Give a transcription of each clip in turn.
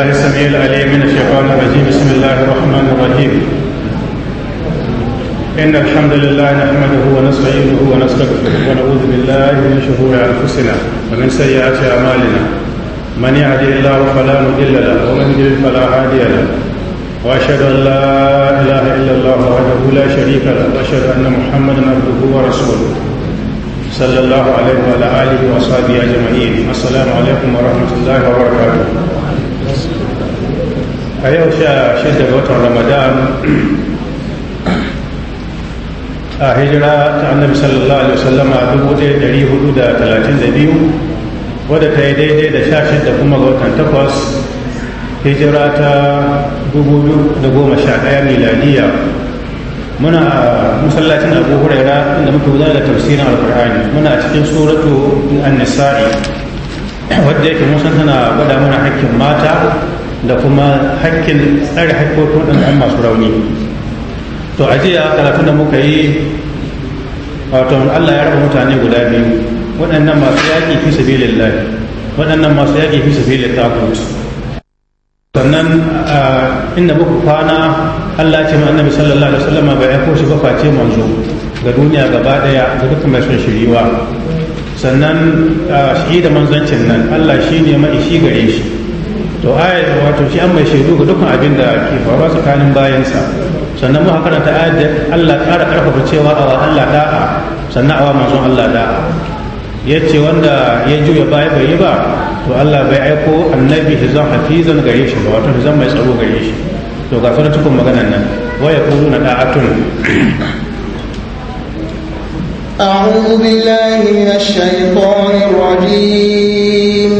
بالله السميع العليم من الشيطان الرجيم بسم الله الرحمن الرحيم إن الحمد لله نحمده ونستعينه ونستغفره ونعوذ بالله من شرور أنفسنا ومن سيئات أعمالنا من يهدي الله فلا مضل له ومن يضلل فلا هادي له وأشهد أن لا إله إلا الله وحده لا شريك له وأشهد أن محمدا عبده ورسوله صلى الله عليه وعلى آله وصحبه أجمعين السلام عليكم ورحمة الله وبركاته a yau sha shida ga watan ramadan a hijira ta annabi sallallahu alaihi wasallama dubu ɗaya dari hudu da talatin da biyu wadda ta yi daidai da sha shida kuma ga watan takwas hijira ta dubu da goma sha ɗaya miladiya muna masallacin abu huraira inda muke gudanar da tafsirin alfahari muna cikin suratu an-nisa'i wadda yake musan tana gwada mana hakkin mata da kuma hakkin tsare hakkokin waɗanda an masu rauni to a jiya karatun da muka yi wato Allah ya raba mutane guda biyu waɗannan masu yaƙi fi lai waɗannan masu yaƙi fi sabilillah taqut sannan inda muku kwana Allah ce ma'ana annabi sallallahu alaihi wasallam ba ya shi ba ce manzo ga duniya gaba daya ga duka mai son shiriwa sannan shi da manzancin nan Allah shine mai shi gare shi to ayat wato shi an mai shaidu ga dukkan abin da ke faruwa tsakanin bayansa sannan muka karanta ayar da Allah ƙara ƙarfafa cewa a Allah da'a sannan awa manzon Allah da'a ya ce wanda ya juya baya bai yi ba to Allah bai aiko annabi hizan hafizan gare shi ba wato hizan mai tsaro gare shi to ga fara cikin maganan nan waya kuru na da'atun أعوذ بالله من الشيطان الرجيم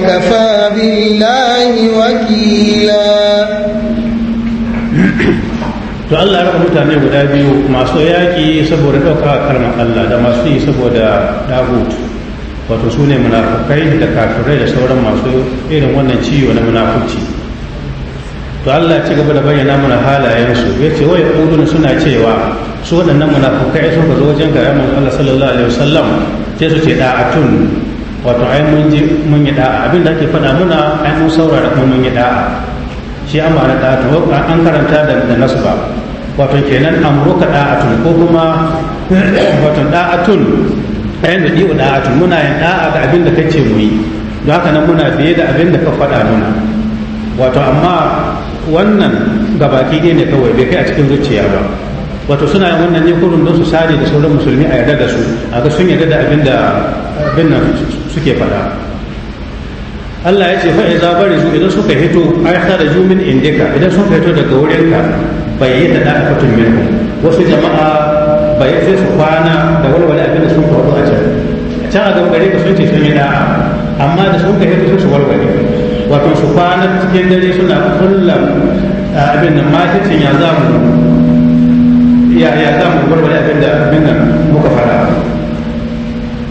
وكفى بالله وكيلا to Allah raka mutane guda biyu masu yaki saboda ɗaukar kalmar Allah da masu yi saboda dagut wato su ne munafukai da kafirai da sauran masu irin wannan ciwo na munafuci to Allah ci gaba da bayyana mana halayensu ya ce wai ƙudun suna cewa su waɗannan munafukai sun ka zo wajen ga Allah sallallahu alaihi wasallam sai su ce da'atun wato ai mun je mun yi da'a abin da ake faɗa muna ai mun saurara kuma mun yi da'a shi an ma da'a to an karanta da da nasu ba wato kenan amruka da'atun ko kuma wato da'atun ai da da'a da'atun muna yin da'a ga abin da kace mu yi don haka nan muna biye da abin da ka faɗa muna wato amma wannan gabaki ɗaya ne kawai bai kai a cikin zuciya ba wato suna yin wannan ne kurun don su sare da sauran musulmi a yarda da su a ga sun yarda da abin da abin nan suke fada Allah ya ce fa'iza bari su idan suka hito ai da jumin indika idan suka hito daga wurinka bai yi da ɗafatun minhu wasu jama'a bai sai su kwana da walwale abin da sun faru a can can a gaba gare ka sun ce sun yi da'a amma da suka ka hito su walwale wato su kwana cikin dare suna kullum abin da maticin ya za mu ya ya za mu walwale abin da abin da muka fara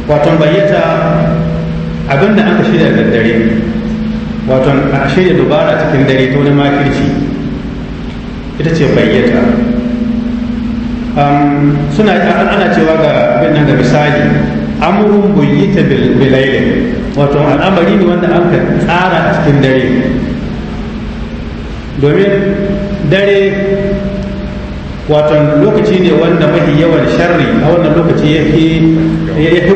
wato bayyata abin da aka shirya da dare wato a shirya dubara cikin dare ta wani makirci ita ce bayyata suna ana cewa ga abin nan ga misali amurin buyyita bilailin wato al'amari ne wanda aka tsara a cikin dare domin dare wato lokaci ne wanda mafi yawan sharri a wannan lokaci ya fi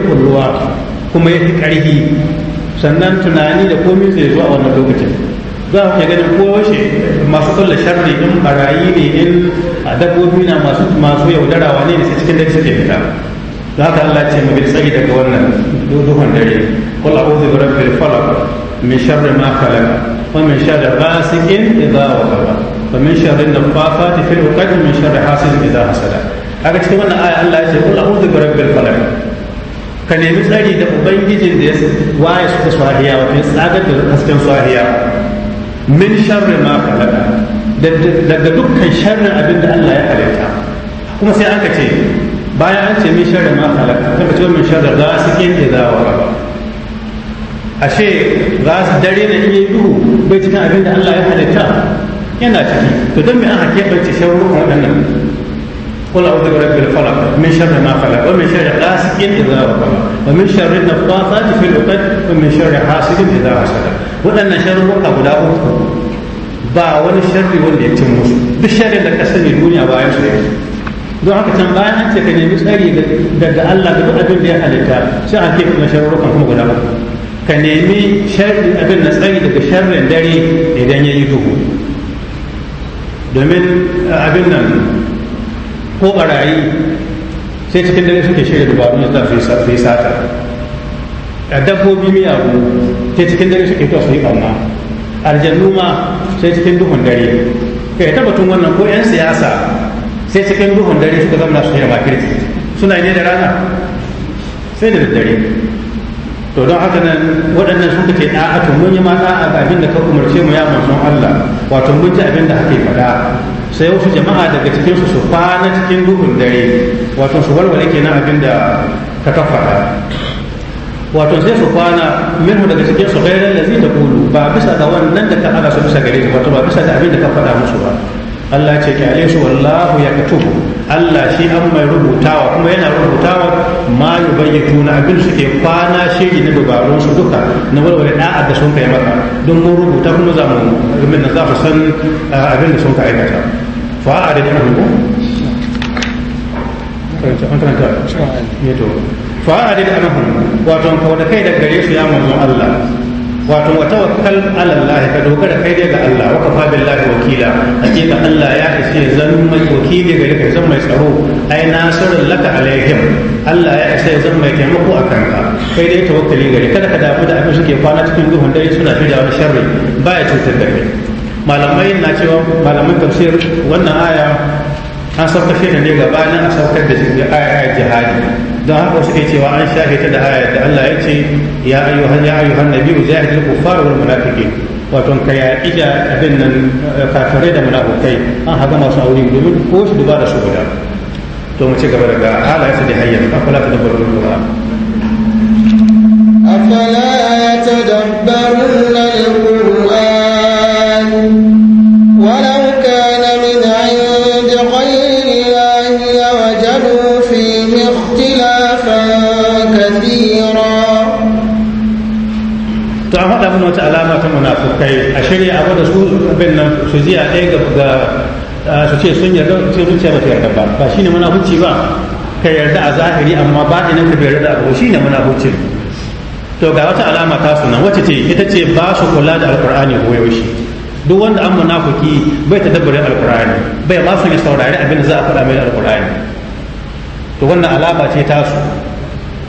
kulluwa kuma ya fi ƙarfi sannan tunani da komai zai zuwa wannan lokacin za mu ke ganin ko washe masu kulla sharri in barayi ne in dabbobi na masu masu yaudarawa ne da cikin dare suke fita da haka Allah ce mu bi daga wannan duhun dare qul a'udhu bi fil falak min sharri ma khalaq wa min sharri ghasiqin idha waqa wa min sharri nafathati fil 'uqad min sharri hasidin a hasada kaga cikin wannan aya Allah ya ce qul a'udhu bi fil falak ka nemi tsari da ubangijin da ya waye su ta swariya wato ya tsagar da hasken swariya min sharri ma khalaqa daga dukkan sharri abin da Allah ya halitta kuma sai aka ce bayan an ce min sharri ma khalaqa aka ce min sharri ghasiqin A ce ashe su dare na iya duhu bai cikin abin da Allah ya halitta yana ciki to don me aka keɓance shawarar waɗannan قل أعوذ برب الفلق من شر ما خلق ومن شر غاسق إذا وقب ومن شر النفاثات في العقد ومن شر حاسد إذا حسد وأن شر أبو لا ba wani sharri wanda ya cin musu duk sharrin da ka sani duniya bayan su yake don haka can bayan an ce ka nemi tsari daga Allah da duk abin da ya halitta sai an ke kuma sharrukan kuma guda ba ka nemi sharri abin na tsari daga sharrin dare idan ya yi duhu domin abin nan ko barayi sai cikin dare suke shirya dubaru da za su yi sata a dabbobi miyagu sai cikin dare suke to su yi ɓanna aljannu ma sai cikin duhun dare kai tabbatun wannan ko 'yan siyasa sai cikin duhun dare suka zama su yi makirci suna ne da rana sai da daddare to don haka nan waɗannan sun ce da'a mun yi ma da'a ga abin da ka umarce mu ya manzon Allah wato mun ji abin da ake faɗa sai wasu jama'a daga cikin su su kwana cikin duhun dare wato su warware kenan abin da ka kafa wato sai su kwana minhu daga cikin su gairar lazi ta kulu ba bisa ga wannan da ka ala su bisa gare wato ba bisa da abin da ka faɗa musu ba Allah ce ki su wallahu ya katubu Allah shi an mai rubutawa kuma yana rubutawa ma yubayyatu na abin suke kwana shiri na dubarun su duka na warware a da sun kai maka don mun rubuta kuma za mu za ku san ah, abin da sun ka aikata Fa'a da ko fa a da wato kawai kai da gare su ya manzon Allah wato wa tawakkal alallahi ka dogara kai dai ga Allah waka kafa lafi wakila hakika Allah ya ishe zan mai wakili gare ka zan mai tsaro ai nasirul laka alaihim Allah ya ishe zan mai taimako a kanka, kai dai tawakkali gare kada ka damu da abin shi ke kwana cikin duhun dare suna da wani sharri ba ya cutar da kai malamai na cewa malaman tafsir wannan aya an sauka shi ne nan a saukar da shi aya jihadi don haka suke cewa an shafe ta da aya da Allah ya ce ya ayyuhan ya ayyuhan nabiyyu jahidil kuffar wal munafiqin wato ka yaƙi da abin nan eh, kafirai da munafukai an haka masu aure domin ko su duba da su guda to mu ci gaba daga halayen da hanyar afala ta da kuma afala ya tadabbarun al To an wata alama ta munafukai a shirya abu da su abin nan su ji a ɗaya ga su ce sun yarda su ce zuciya ba ta yarda ba ba shine munafuci ba ka yarda a zahiri amma ba ɗinan ka yarda abu shine munafuci to ga wata alama ta sunan wacce ce ita ce ba su kula da alkur'ani ko yaushe duk wanda an munafiki bai ta dabbare alkur'ani bai ba su yi saurari abin da za a faɗa mai alkur'ani to wannan alama ce ta su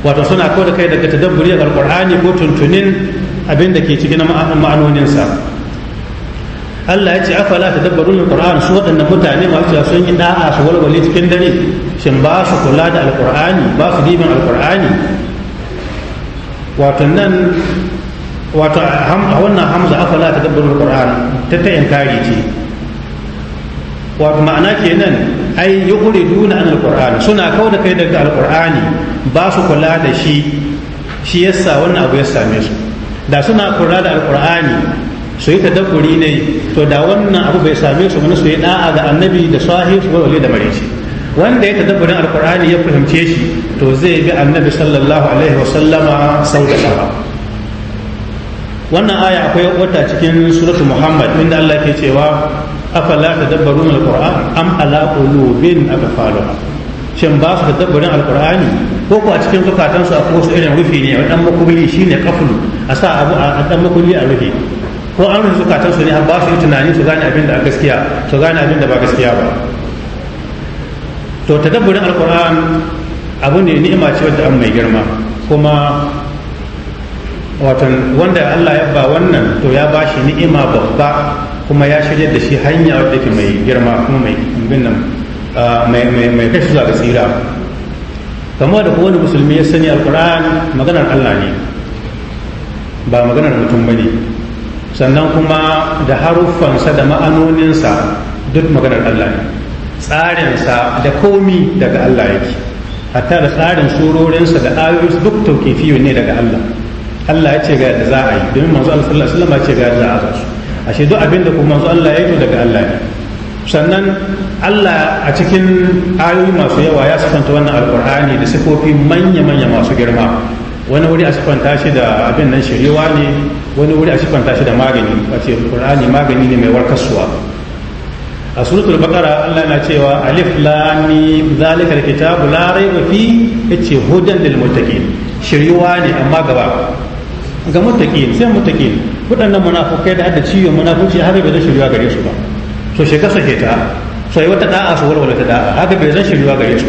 wato suna kawai da kai daga ta dabbare alkur'ani ko tuntunin abin da ke cikin ma'anoninsa Allah ya ce afala ta dabbarun alquran su wadannan mutane masu cewa sun yi da'a su walwale cikin dare shin ba su kula da alqur'ani ba su diban alqur'ani wato nan wato wannan hamza afala ta dabbarun alquran ta ta inkari ce wato ma'ana kenan ai duna an alqur'ani suna kauna kai daga alqur'ani ba su kula da shi shi yasa wannan abu ya same su da suna kula da alqur'ani su yi tadabburi ne to da wannan abu bai same su wani su yi da'a ga annabi da sahi su wale da shi wanda ya tadabburin alqur'ani ya fahimce shi to zai bi annabi sallallahu alaihi wasallama sau da wannan aya akwai wata cikin suratu muhammad inda allah ke cewa afala tadabbarun alquran am ala qulubin aqfaluha shin ba su tadabbarin alqurani ko ko a cikin zukatansu akwai wasu irin rufi ne dan makulli shine kaflu a sa abu a dan makulli a rufi ko an rufe zukatansu ne an ba su yi tunani su gane abin da a gaskiya su gane abin da ba gaskiya ba to tadabburin alquran abu ne ni'ima ce wadda an mai girma kuma watan wanda Allah ya ba wannan to ya ba shi ni'ima babba kuma ya shirya da shi hanya wadda ke mai girma kuma mai binnan mai kashi zuwa ga tsira kamar da kowane musulmi ya sani alkur'an maganar Allah ne ba maganar mutum ba ne sannan kuma da haruffansa da ma'anoninsa duk maganar Allah ne tsarinsa da komi daga Allah yake hatta da tsarin surorinsa da ayoyinsa duk fiye ne daga Allah Allah ya ce ga yadda za a yi domin manzo Allah sallallahu alaihi wasallam ya ce ga yadda za a zasu ashe duk abin da kuma manzo Allah ya yi to daga Allah ne sannan Allah a cikin ayoyi masu yawa ya sifanta wannan alkur'ani da sifofi manya-manya masu girma wani wuri a sifanta shi da abin nan shirewa ne wani wuri a sifanta shi da magani a ce alkur'ani magani ne mai warkaswa a suratul baqara Allah na cewa alif lam mim zalikal kitabu la raiba fi ce hudan lil muttaqin shiryuwa ne amma gaba ga mutaƙi sai mutaƙi waɗannan munafukai da hada ciwo munafuci har bai zan shiryuwa gare su ba so shi kasa ke ta sai wata da'a su walwala ta da'a haka bai zan shiryuwa gare su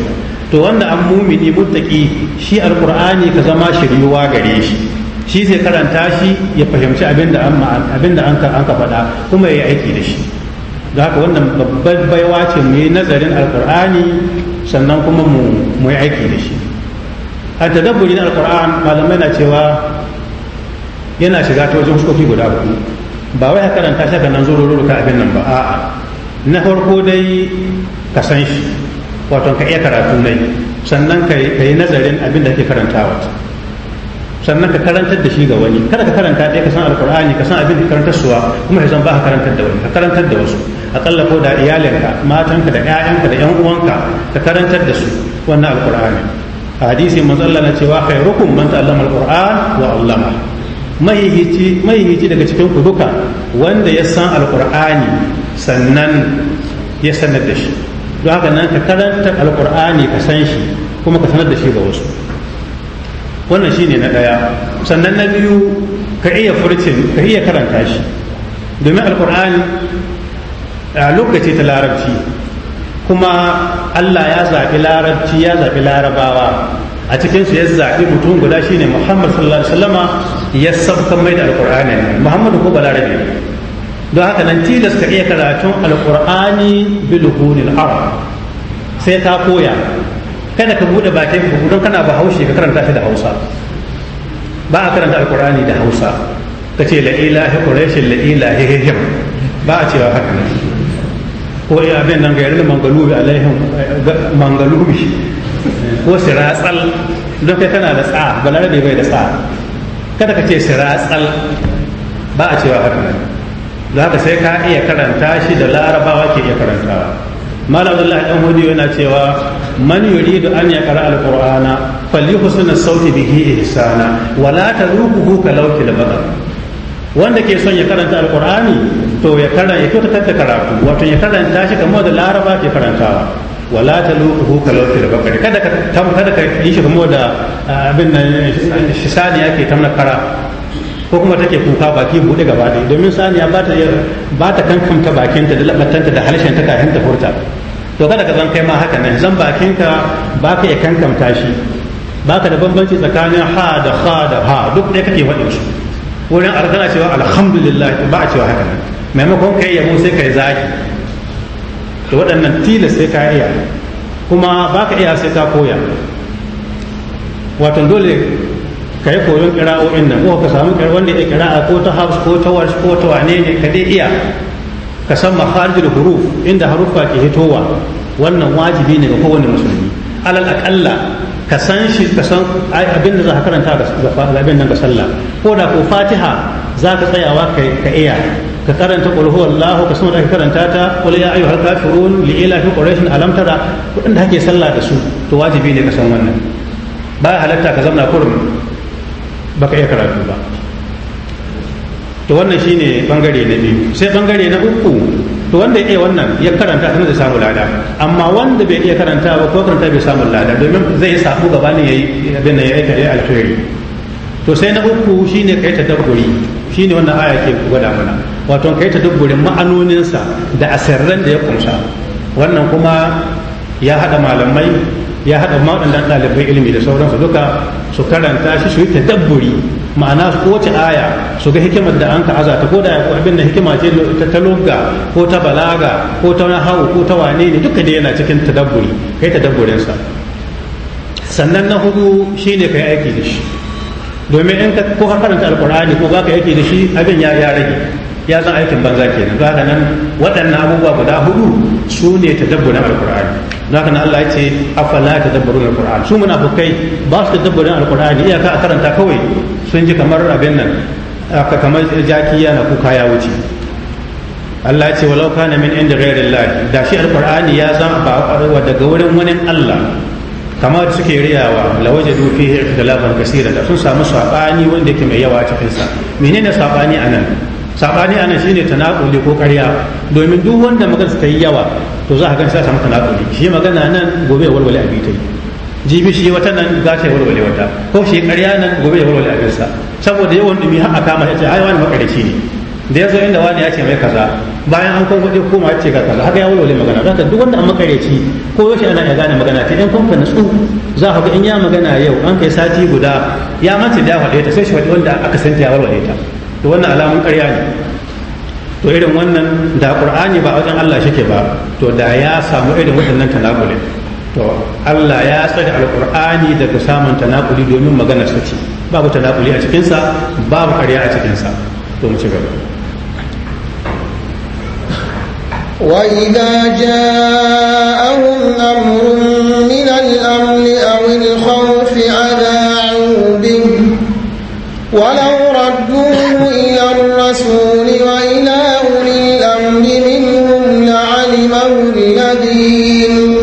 to wanda an mumini mutaki shi alƙur'ani ka zama shiryuwa gare shi shi zai karanta shi ya fahimci abinda abinda an ka faɗa kuma ya yi aiki da shi da haka wannan babbar baiwa ce mu yi nazarin alkur'ani sannan kuma mu yi aiki da shi a tadabburi na alqur'an malamai na cewa yana shiga ta wajen fuskoki guda hudu ba wai ka karanta shi ka nan zo ka abin nan ba a'a na farko dai ka san shi wato ka iya karatu nai sannan ka yi nazarin abin da ake karantawa sannan ka karantar da shi ga wani kada ka karanta ɗaya ka san alkur'ani ka san abin da karantar suwa kuma ka san ba ka karantar da wani ka karantar da wasu akalla ko da iyalinka matanka da 'ya'yanka da 'yan uwanka ka karantar da su wannan alkur'ani a hadisi manzo Allah na cewa khairukum man ta'allama alkur'an wa allama mahihici daga cikin ku wanda ya san alkur'ani sannan ya sanar da shi don haka nan ka karanta alkur'ani ka san shi kuma ka sanar da shi ga wasu wannan shi ne na ɗaya sannan na biyu ka iya furcin ka iya karanta shi domin alkur'ani a lokaci ta larabci kuma allah ya zaɓi larabci ya zaɓi larabawa a cikin su ya zaɓi mutum guda shine Muhammad sallallahu alaihi wasallama ya sabkan mai da alƙur'ani. Muhammadu ko balarabe don haka nan tilas ka iya karatun alƙur'ani bi lughunil arab sai ta koya kada ka buɗe bakin bugu don kana bahaushe ka karanta shi da Hausa ba a karanta alƙur'ani da Hausa kace la ilaha quraish la ilaha ba a cewa haka ne ko abin nan gairar mangalubi alaihim mangalubi ko siratsal don kai tana da tsa balarabe bai da tsa kada ka ce siratsal ba a cewa haka nan da haka sai ka iya karanta shi da larabawa ke iya karantawa malam Allah dan hudu yana cewa man yuridu an ya qara alqur'ana falyuhsina sauti bihi ihsana wala tarukuhu kalawki labada wanda ke son ya karanta alkur'ani to ya karanta ya kyauta da karatu wato ya karanta shi kamar da laraba ke karantawa wala ta luhu lauti da bakari kada ka tam kada ka yi shi kamar da abin nan sani yake tamna kara ko kuma take kuka baki bude gaba da domin saniya ya bata ya ta kankanta bakinta da labatanta da harshen ta kafin ta furta to kada ka zan kai ma haka nan zan bakinka baka ka iya kankamta shi baka da bambanci tsakanin ha da ha da ha duk ɗaya kake faɗin shi. wurin arzana cewa alhamdulillah ba a cewa haka nan maimakon kai yabo sai kai zaki to waɗannan tilas sai ka iya kuma ba ka iya sai ka koya wato dole ka yi koyon kira'o'in nan ko ka samu wanda ya kira'a ko ta hafs ko ta wars ko ta wane ne ka dai iya ka san mafarijin huruf inda haruffa ke hitowa wannan wajibi ne ga kowane musulmi alal akalla ka san shi ka san abin da za ka karanta ga abin nan ga sallah ko da ko fatiha za ka tsayawa ka iya ka karanta qul huwallahu ka san da ka karanta ta qul ya ayyuhal kafirun li ila fi quraish alam tara da kake sallah da su to wajibi ne ka san wannan ba halatta ka zauna kurum baka iya karatu ba to wannan shine bangare na biyu sai bangare na uku to wanda ya iya wannan ya karanta sanar zai samu lada amma wanda bai iya karanta ba ko karanta bai samu lada domin zai samu gabanin yayi abin ya aika ya alkhairi to sai na uku shine kai ta dabburi shine wannan aya ke gwada mana wato kai ta ma'anoninsa da asirran da ya kunsa wannan kuma ya hada malamai ya hada waɗannan ɗalibai ilimi da sauransu duka su karanta shi su yi ta dabburi ma'ana kowace aya su ga hikimar da an ka azata ko da ya abin da hikima ce ta talogga ko ta balaga ko ta hau ko ta wane ne duka da yana cikin tadabburi kai tadabburinsa sannan na hudu shi shine kai aiki da shi domin in ka ko ka karanta alkur'ani ko ka aiki da shi abin ya ya rage ya zan aikin banza kenan ka nan waɗannan abubuwa guda hudu su ne tadabburin alkur'ani zaka na Allah ya ce afala tadabbarun alquran su munafikai ba su tadabbarun alquran iyaka a karanta kawai sun ji kamar abin nan aka kamar jaki yana kuka ya wuce Allah ya ce walau kana min inda ghairillah da shi alqur'ani ya zama ba arwa daga wurin wani Allah kamar suke riyawa la wajadu fihi ikhtilafan kaseera da sun samu sabani wanda yake mai yawa cikin sa menene sabani anan sabani anan shine tanakuli ko ƙarya domin duk wanda magana ta yi yawa to za a gan sai samu tanakuli shi magana nan gobe walwale abi ta yi jibi shi wata nan za ta walwale wata ko shi ƙarya nan gobe ya walwale abin sa saboda yawan dumi har a kama ya ce ai wani makarici ne da ya zo inda wani ya ce mai kaza bayan an kuma kuɗi kuma ya ce ka kaza haka ya walwale magana zaka duk wanda a makarici ko yaushe ana iya gane magana ta ɗan kun natsu za ka ga in ya magana yau an kai sati guda ya mace da faɗe ta sai shi wanda aka santa ya walwale ta to wannan alamun ƙarya ne to irin wannan da qur'ani ba wajen Allah shike ba to da ya samu irin waɗannan tanakuli to Allah ya tsare alqur'ani daga samun tanakuli domin maganar ta ce babu tanakuli a cikin sa babu ƙarya a cikin sa to mu ci gaba وإذا جاءهم أمر من الأمن أو الخوف أذاعوا به ولو الرسول وإلى أولي الأمر منهم لعلمه الذين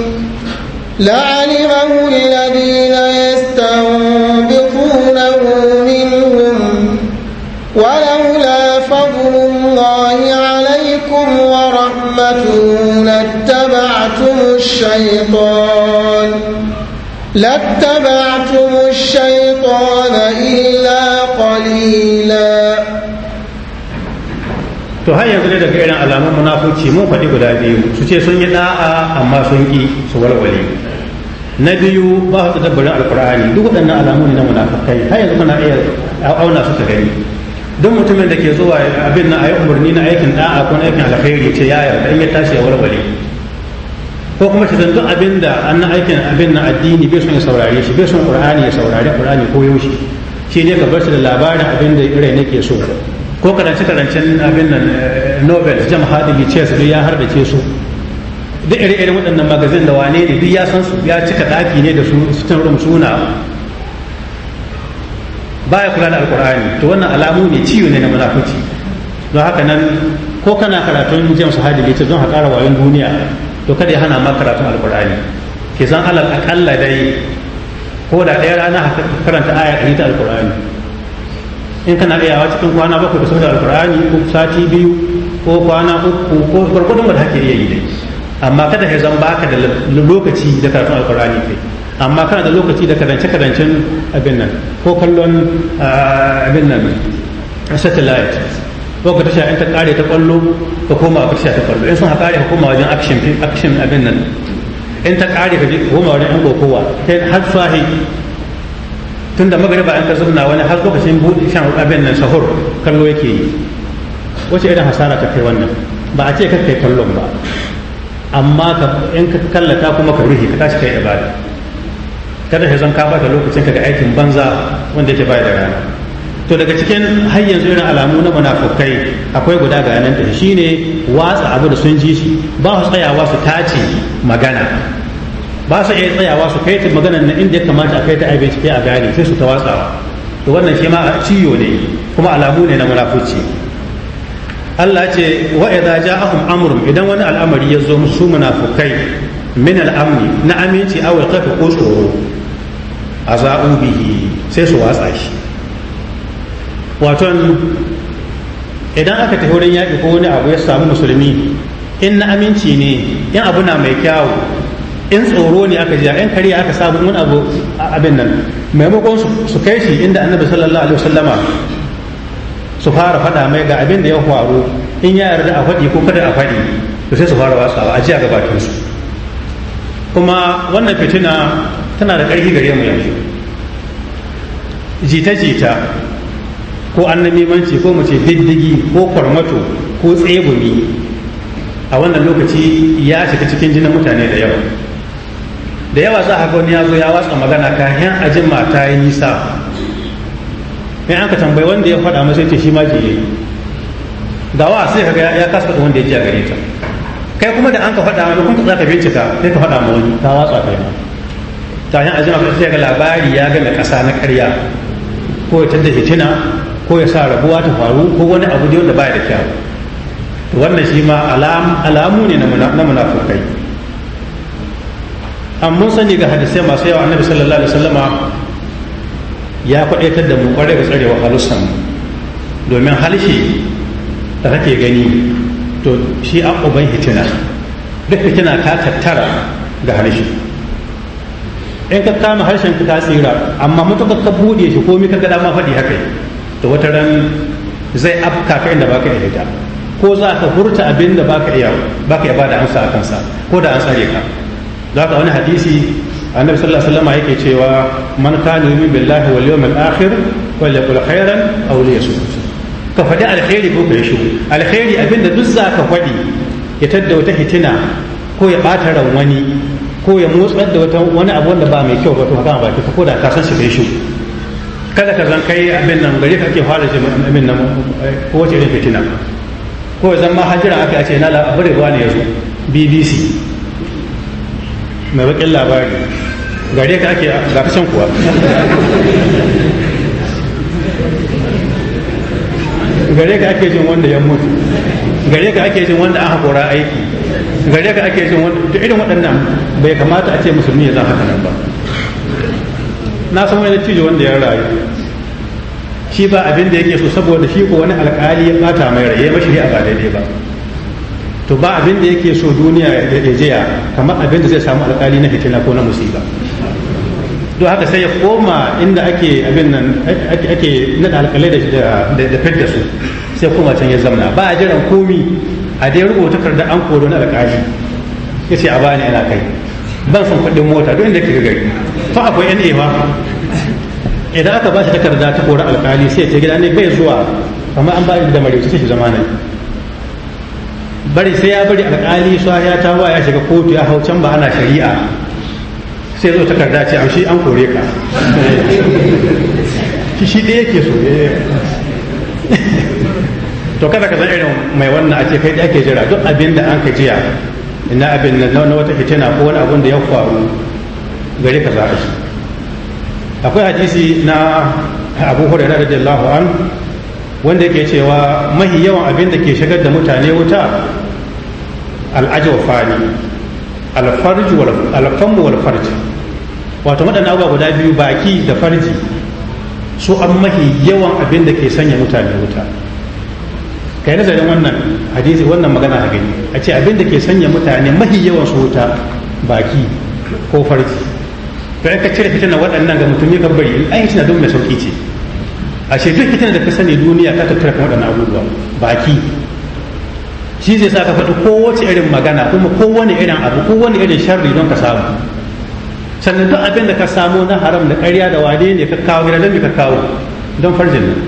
لعلمه الذين يستنبطونه منهم ولولا فضل الله عليكم ورحمته لاتبعتم الشيطان لاتبعتم الشيطان to har yanzu ne daga irin alamun munafuci mun faɗi guda biyu su ce sun yi da'a amma sun ki su walwale na biyu ba su tadabbarin alkur'ani duk waɗannan alamu ne na munafukai har yanzu kana iya auna su ta gani don mutumin da ke zuwa abin na ayi umarni na aikin da'a ko na aikin alkhairi ce ya yarda in ya tashi ya walwale ko kuma shi zanto abin da an na aikin abin na addini bai son ya saurare shi bai son qur'ani ya saurari qur'ani ko yaushe shi ne ka bar shi da labarin abin da irai nake so ko karance karancen abin nan eh, nobel jam Hadibi ce su ya harbace su duk iri-irin waɗannan magazin da wane ne duk ya san su ya cika ɗaki ne da su cikin rum suna baya kula da alkur'ani to wannan alamu ne ciwo ne na munafuci don haka nan ko kana karatun james Hadibi ta don haƙara ƙara wayan duniya to kada ya hana ma karatun alkur'ani ke san alal akalla dai ko da ɗaya rana karanta aya ɗari ta alkur'ani in kana yawa cikin kwana bakwai ka saboda alkur'ani ko sati biyu ko kwana uku ko gwargwadon da hake iya yi dai amma kada ka zan baka da lokaci da karatun alkur'ani kai amma kana da lokaci da karance karancen abin nan ko kallon abin nan satellite ko ka tasha in ta kare ta kwallo ka koma ka tasha ta kwallo in sun ka kare ka koma wajen action action abin nan in ta kare ka koma wajen yan kokowa har sahi tun da ba an ka zubna wani har lokacin buɗe shan abin nan sahur kallo yake yi wace irin hasara ta kai wannan ba a ce ka kai kallon ba amma in ka kallata kuma ka ruhi ka tashi kai ibada kada ka zan ka lokacin ka ga aikin banza wanda yake baya da rana to daga cikin har yanzu irin alamu na munafukai akwai guda ga nan da shine watsa abu da sun ji shi ba su tsayawa su tace magana ba su iya tsayawa su kai ta maganar na inda ya kamata a kai ta a bincike a gane sai su ta watsawa to wannan shi ma ciyo ne kuma alamu ne na munafuci Allah ce wa idza ja'ahum amrun idan wani al'amari ya zo musu munafukai min al'amni na aminci aw al-qafi azabu bihi sai su watsa shi waton idan aka tafi wurin yaƙi ko wani abu ya samu musulmi in na aminci ne in abu na mai kyawu in tsoro ne aka ji in kariya aka samu mun abu abin nan maimakon su kai shi inda annabi sallallahu alaihi wasallama su fara faɗa mai ga abin da ya faru in ya yarda a faɗi ko kada a faɗi to sai su fara wasawa a jiya a gabatun su kuma wannan fitina tana da ƙarfi gare mu yanzu jita-jita ko annabimanci ko mu ce diddigi ko kwarmato ko tsegumi a wannan lokaci ya shiga cikin jinin mutane da yawa da yawa za a ga wani ya zo ya watsa magana kayan ajin mata ya nisa in an ka tambayi wanda ya faɗa masa yake shi ma ke yi da wa sai ka ya kasa wanda ya ji a gare ta kai kuma da an ka faɗa wani kun za ka bincika sai ka faɗa ma wani ta watsa kai ma ta hanyar ajin mata sai ga labari ya gane ƙasa na ƙarya ko ya canza hitina ko ya sa rabuwa ta faru ko wani abu da wanda baya da kyau wannan shi ma alamu ne na munafukai amma sani ga hadisai masu yawa annabi sallallahu alaihi wasallama ya kwadaitar da mu kwarai ga tsarewa halussan domin halshe da kake gani to shi an uban hitina duk hitina ta tattara ga harshe in ka kama harshen ka ta tsira amma mutukar ka buɗe shi komai ka gada ma faɗi haka to wata ran zai afka ka inda baka iya ko za ka hurta abin da baka iya baka iya bada amsa a kansa ko da an tsare ka za ka wani hadisi annabi sallallahu alaihi wasallam yake cewa man kana yu'minu billahi wal yawmil akhir falyaqul khairan aw liyasmut ka faɗi alkhairi ko ka shiru alkhairi abinda duk za ka faɗi ya tadda wata hitina ko ya ɓata ran wani ko ya motsar da wata wani abu wanda ba mai kyau ba to ka baki ka koda ka san shi kai shiru kada ka zan kai abin nan gari ka ke fara jin abin nan ko wace irin fitina ko zan ma hajira aka ce na labarai ne ya zo bbc mai bakin labari gare ka ake ga can kuwa gare ka ake jin wanda ya mutu gare ka ake jin wanda an haƙura aiki gare ka ake jin wanda duk irin waɗannan bai kamata a ce musulmi ya za haka nan ba na san wani cije wanda ya rayu shi ba abin da yake so saboda shi ko wani alƙali ya bata mai rai ya mashi a ba daidai ba to ba abin da yake so duniya ya jiya kamar abin da zai samu alkali na fitina ko na musiba don haka sai ya koma inda ake abin nan ake nada alkalai da fidda su sai koma can ya zamna ba a jiran komi a dai rubuta takardar an koro na alkali ya ce a bani ana kai ban son kuɗin mota duk inda kika gari to akwai na ba idan aka ba shi takarda ta kori alkali sai ya ce gida ne bai zuwa amma an ba da maritu shi zama nan bari sai ya bari alkali sa ya wa ya shiga kotu ya hau can ba ana shari'a sai zo takarda ce amshi an kore ka shi shi ɗaya ke so eh. to kada ka san irin mai wannan a ce kai da ake jira duk abin da an ka jiya ina abin nan na wata na ko wani abin da ya faru gare ka za a shi akwai hadisi na abu hurairah radiyallahu an wanda yake cewa mahi yawan abin da ke shigar da mutane wuta al'ajawfani alfarj wal wal farj wato waɗannan abuwa guda biyu baki da farji su an mahi yawan abin da ke sanya mutane wuta Ka yi nazarin wannan hadisi wannan magana a gani a ce abin da ke sanya mutane mahi yawan su wuta baki ko farji to ka cire fitina waɗannan ga mutum ya gabbari ai shi na don mai sauƙi ce a duk fitina da ka sani duniya ta tattara kan waɗannan abubuwa baki shi zai sa ka faɗi kowace irin magana kuma kowane irin abu kowane irin sharri don ka samu sannan duk abin da ka samu na haram da ƙarya da wane ne ka kawo gida don ka kawo don farjin nan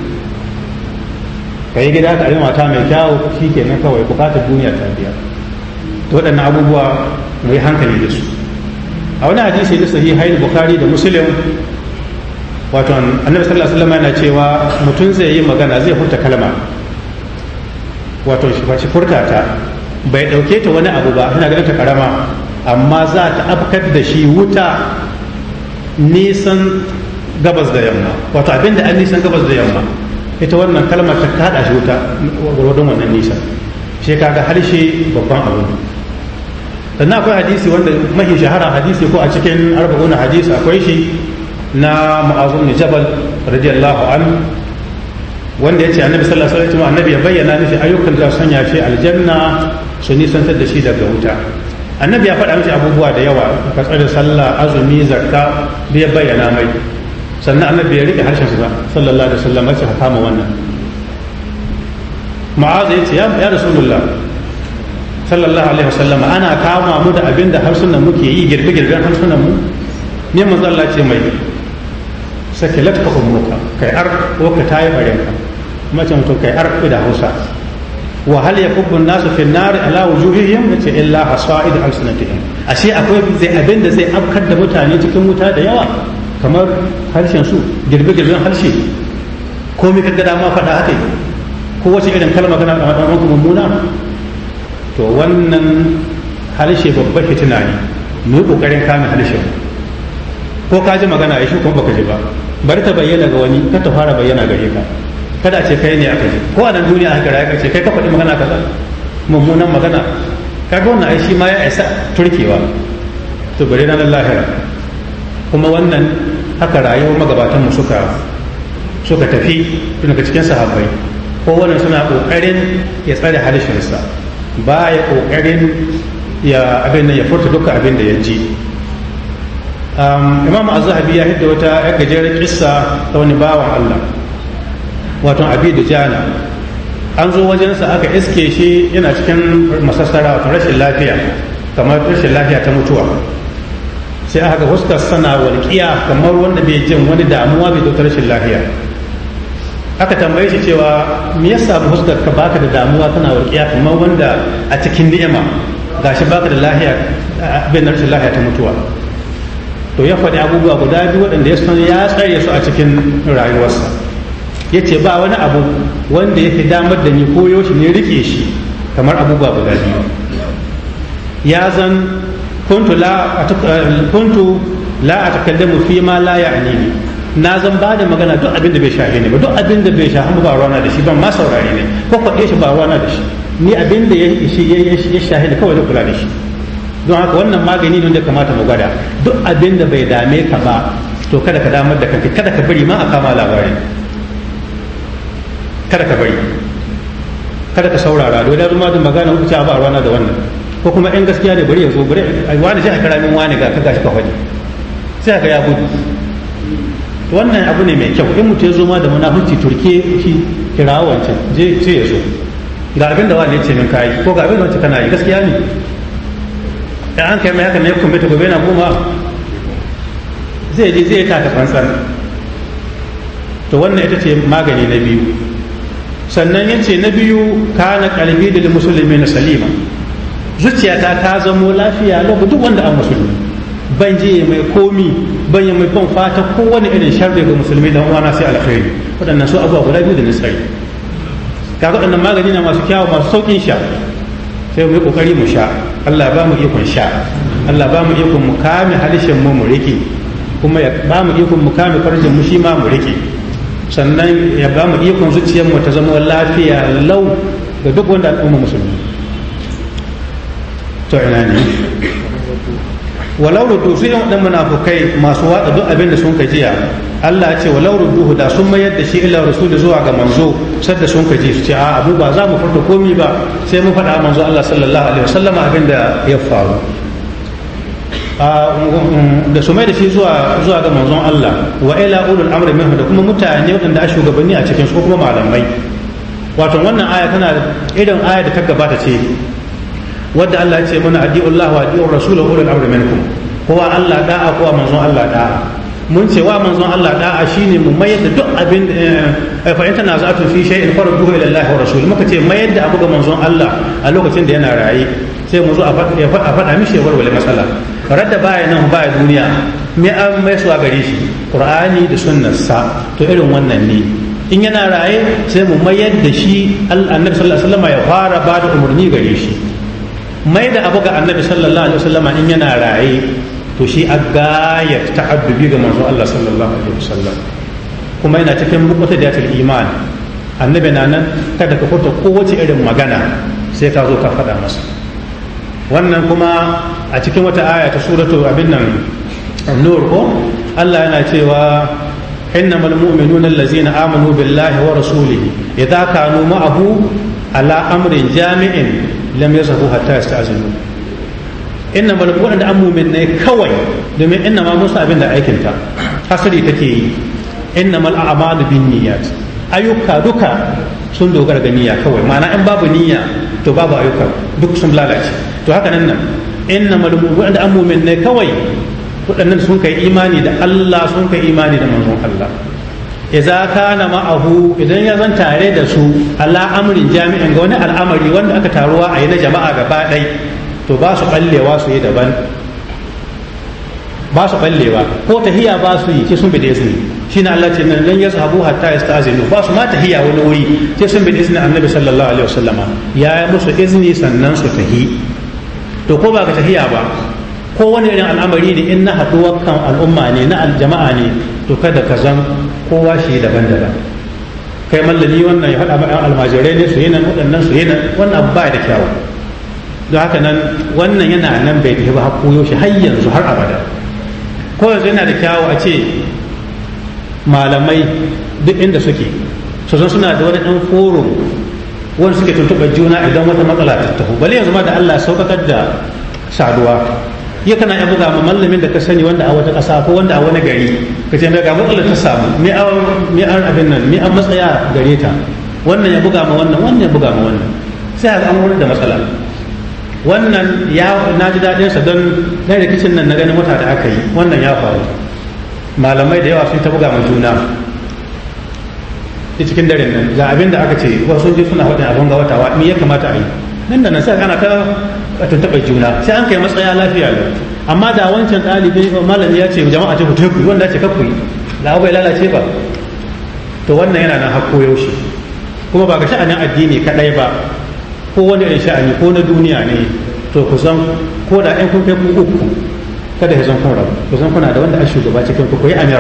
ka yi gida ka mata mai kyawu shi ke nan kawai bukatar duniya ta biya to waɗannan abubuwa mu yi hankali da su a wani hadisi na sahihain bukhari da muslim wato annabi sallallahu alaihi wasallam yana cewa mutum zai yi magana zai furta kalma wato shi furta ta bai ɗauke ta wani abu ba yana ganin ta karama amma za ta afkar da shi wuta nisan gabas da yamma wato abinda an nisan gabas da yamma ita wannan kalmar ta kada shi wuta gwargwadon wannan nisan shi kaga harshe babban abu sannan akwai hadisi wanda mahi shahara hadisi ko a cikin arba'un hadisi akwai shi na ma'azun jabal radiyallahu anhu wanda ya ce annabi sallallahu alaihi wasallam annabi ya bayyana mishi ayyukan da son ya ce aljanna su nisantar da shi daga wuta annabi ya faɗa mishi abubuwa da yawa ka tsare sallah azumi zakka da ya bayyana mai sannan annabi ya rike harshen sa sallallahu alaihi wasallam ya kama wannan mu'az ya ce ya rasulullah sallallahu alaihi wasallam ana kama mu da abin da harsunan muke yi girbe girben harsunan mu ne manzo Allah ce mai ka umuka kai ar ko ka tayi bayanka mace to kai arfi da hausa wa hal yakubbu nasu fi nar ala wujuhihim yace illa hasaid alsanatihim ashe akwai zai abin da zai afkar da mutane cikin wuta da yawa kamar harshen su girbe girben harshe ko mi kaga dama fada haka ko wace irin kalma kana da madan kuma mummuna to wannan harshe babba fitina ne mu kokarin kame harshen ko ka ji magana ya shi kuma baka ji ba bari ta bayyana ga wani ka ta fara bayyana gare ka kada a ce kai ne aka ji ko a nan duniya aka raya ka ce kai ka faɗi magana kaza mummunan magana kaga wannan ai shi ma ya isa turkewa to bari na lahira kuma wannan haka rayuwar magabatan mu suka suka tafi tun daga cikin sahabbai ko wannan suna kokarin ya tsare halishinsa ba ya kokarin ya abin ya furta duka abin da ya ji imam az ya hidda wata gajeren kissa ta wani bawan Allah wato abidu jana an zo wajensa aka iske shi yana cikin masassara wato rashin lafiya kamar rashin lafiya ta mutuwa sai aka huskar sana walƙiya kamar wanda bai jin wani damuwa bai ta rashin lafiya aka tambaye shi cewa me yasa huskar ka baka da damuwa kana walƙiya kamar wanda a cikin ni'ima gashi baka da lafiya abin rashin lafiya ta mutuwa to ya faɗi abubuwa guda biyu waɗanda ya ya tsare su a cikin rayuwarsa ya ce ba wani abu wanda ya fi damar da ni koyo shi ne rike shi kamar abubuwa guda biyu ya zan kuntu la a mu fi ma la ya nini na zan ba da magana duk abin da bai shafe ne ba duk abin da bai shafe ba rana da shi ban ma saurari ne ko kwaɗe shi ba rana da shi ni abin da ya shafe ne kawai da kula da shi don haka wannan magani ne wanda kamata mu gwada duk abin da bai dame ka ba to kada ka damar da kanka kada ka bari ma a kama labarin. kada ka bari kada ka saurara don da rumadu magana ku ba rana da wannan ko kuma yan gaskiya ne bari yanzu bari ai wani a karamin wani ga ka gashi ka faɗi sai ka ya gudu wannan abu ne mai kyau in mutum ya zo ma da munafunci turke ki kira wancan je ce ya zo ga abin da wani ya ce min kayi ko ga abin da wancan kana yi gaskiya ne da an kai mai haka ne ya kumbe ta gobe na goma zai je zai taka fansan to wannan ita ce magani na biyu sannan yin ce na biyu ka na kalbi da musulmi na salima zuciyata ta zamo lafiya lokacin duk wanda an musulmi ban je mai komi ban yi mai ban fata kowane irin sharri ga musulmi da wana sai alkhairi waɗannan su abubuwa guda biyu da nisari. ga waɗannan magani na masu kyawu masu saukin sha sai mu yi kokari mu sha Allah ba mu ikon sha Allah ba mu ikon mu kame halishin mu mu rike kuma ya ba mu ikon mu kame farjin mu shi ma mu rike sannan ya ba mu ikon zuciyarmu ta zama lafiya lau ga duk wanda al'umma musulmi to ina ne walau rudu su yi wadan munafukai masu watsa duk abin da sun kajiya Allah ya ce walau rudu da sun mayar da shi ila rasul zuwa ga manzo da sun kaji su ce a abu ba za mu furta komi ba sai mu faɗa manzo Allah sallallahu alaihi wasallama abin da ya faru Um, da su mai da shi zuwa zuwa ga manzon Allah wa ila ulul amri minhu da kuma mutane waɗanda a shugabanni a cikin su ko kuma malamai wato wannan aya tana idan aya da ta gabata ce wadda Allah ya ce mana adi'ullah wa adi'ur rasul wa ulul amri minkum kowa Allah da'a kowa manzon Allah da'a mun ce wa manzon Allah da'a shine mu mayar da duk abin eh, fa in tana za'atu fi shay'in farduhu ila Allah wa rasul muka ce mayar da abu ga manzon Allah a lokacin da yana raye sai mu zo a faɗa mishi ya warware matsala radda baya nan baya duniya me an mai suwa gare shi qur'ani da sa to irin wannan ne in yana raye sai mu mayar da shi annabi sallallahu alaihi wasallam ya fara ba da umarni gare shi mai da abu ga annabi sallallahu alaihi wasallam in yana raye to shi a gaya ta'addubi ga manzo Allah sallallahu alaihi wasallam kuma yana cikin mukuta da iman annabi na nan kada ka furta kowace irin magana sai ka zo ka faɗa masa wannan kuma a cikin wata aya ta suratu abin nan nur ko Allah yana cewa innamal mu'minuna allazina amanu billahi wa rasulihi idza kanu ma'ahu ala amrin jami'in lam yasahu hatta yasta'zinu inna bal qulan da mu'min ne kawai domin inna ma musu abin da aikin ta hasari take yi innamal a'malu bin niyyat ayyuka duka sun dogara ga niyya kawai ma'ana in babu niyya to babu ayyuka duk sun lalace to haka nan inna malmu'min da amumin ne kawai waɗannan sun kai imani da Allah sun kai imani da manzon Allah idza kana ma'ahu idan ya zan tare da su ala amrin jami'in ga wani al'amari wanda aka taruwa a yi na jama'a gaba ɗai to ba su ballewa su yi daban ba su ballewa ko tahiya ba su yi sai sun bi da izini na Allah ce nan lan yazhabu hatta yasta'zinu ba su ma tahiya wani wuri sai sun bi da izinin Annabi sallallahu alaihi wasallama ya musu izini sannan su tahi to ko ba ka tafiya ba ko wani irin al'amari ne in na haɗuwar kan al'umma ne na aljama'a ne to kada ka zan kowa shi daban-daban kai mallami wannan ya faɗa ma'an almajirai ne su yi nan waɗannan su yi nan wannan abu ba da kyawu don haka nan wannan yana nan bai tafi ba har koyo shi har yanzu har abada ko yanzu yana da kyawu a ce malamai duk inda suke su suna da wani ɗan forum wanda suke tuntuɓar juna idan wata matsala ta taho bale yanzu ma da Allah sauƙaƙar da saduwa ya kana ya buga mallamin da ka sani wanda a wata ƙasa ko wanda a wani gari ka ce ga matsala ta samu me an abin nan me an matsaya gare ta wannan ya buga ma wannan wannan ya buga ma wannan sai a an wurin da matsala wannan ya na ji daɗin sa don da rikicin nan na ganin wata da aka yi wannan ya faru malamai da yawa sun ta buga ma juna cikin daren nan ga abin da aka ce wasu je suna faɗin abin ga wata me ya kamata a yi nan da nan sai ana ta tuntuɓar juna sai an kai matsaya lafiya ne amma da wancan ɗalibi malami ya ce jama'a ce ku ta kuyi wanda ce ka kuyi la bai lalace ba to wannan yana nan hakko yaushe kuma ba ga sha'anin addini kaɗai ba ko wani irin sha'ani ko na duniya ne to ku san ko da ɗan kun kai ku uku kada ya zan kun rabu ku zan kuna da wanda a shugaba cikin ku ku yi amir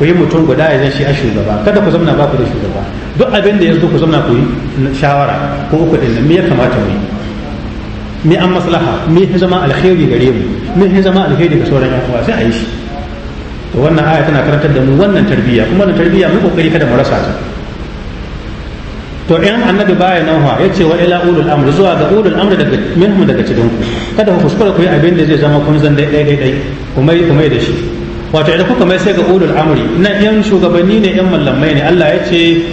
ku yi mutum guda ya zai shi a shugaba kada ku zamna ba ku da shugaba duk abin da ya zo ku zamna ku yi shawara ko uku din me ya kamata mu yi me an maslaha me ya zama alheri gare mu me ya zama alheri ga sauran yan uwa sai a yi shi to wannan aya tana karantar da mu wannan tarbiyya kuma wannan tarbiyya mu kokari kada mu rasa ta to in annabi baya nan ya ce wa ila ulul amr zuwa ga ulul amr daga minhum daga cikin ku kada ku kuskura ku yi abin da zai zama kun zan dai dai dai kuma kuma da shi wato idan kuka mai sai ga ulul amri nan yan shugabanni ne yan mallamai ne Allah ya ce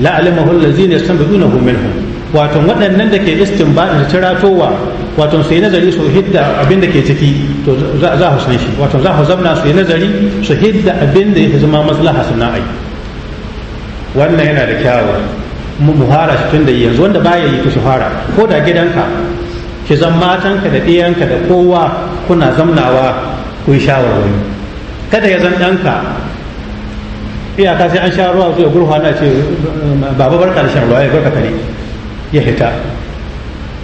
la alimahu allazina yastanbidunahu minhum wato waɗannan da ke da tiratowa wato su yi nazari su hidda abin da ke ciki to za su shi wato za su zamna su yi nazari su hidda abin da yake zama maslaha sana'ai wannan yana da kyawu mu fara shi tun da yanzu wanda baya yi ku su fara ko da gidanka ki zan matanka da ɗiyanka da kowa kuna zamnawa ku yi shawarwari kada ya zan ɗanka iyaka sai an sha ruwa zuwa na ce baba barka da shan ruwa ya barka kare ya hita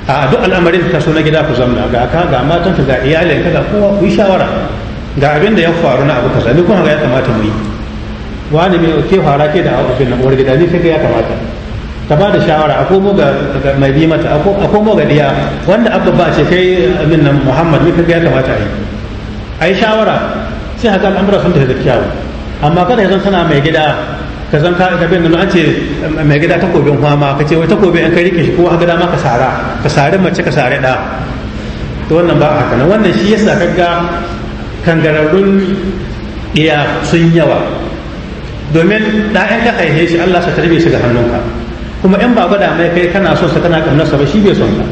a duk al'amarin ka so na gida ku zamna ga ka ga matanka ga iyalin ka ga kowa ku yi shawara ga abin da ya faru na abu kaza ni kuma ga ya kamata mu yi wani mai ke fara ke da abin na uwar gida ni sai ga ya kamata ta ba da shawara a komo ga mai bi mata a komo ga diya wanda abba ba ce kai abin nan muhammad ni kaga ya kamata a yi a yi shawara sai haka al'amura sun tafi da kyawu amma kada ya zan kana mai gida ka zan ka ga bin an ce mai gida takobin kwama ka ce wai takobin an kai rike shi ko haka dama ka sara ka sare mace ka sare da to wannan ba haka nan wannan shi yasa kaga kangararrun iya sun yawa domin ɗayan ka haihe shi Allah sa tarbe shi ga hannunka kuma in ba gwada mai kai kana son sa kana kamnar sa ba shi bai son ka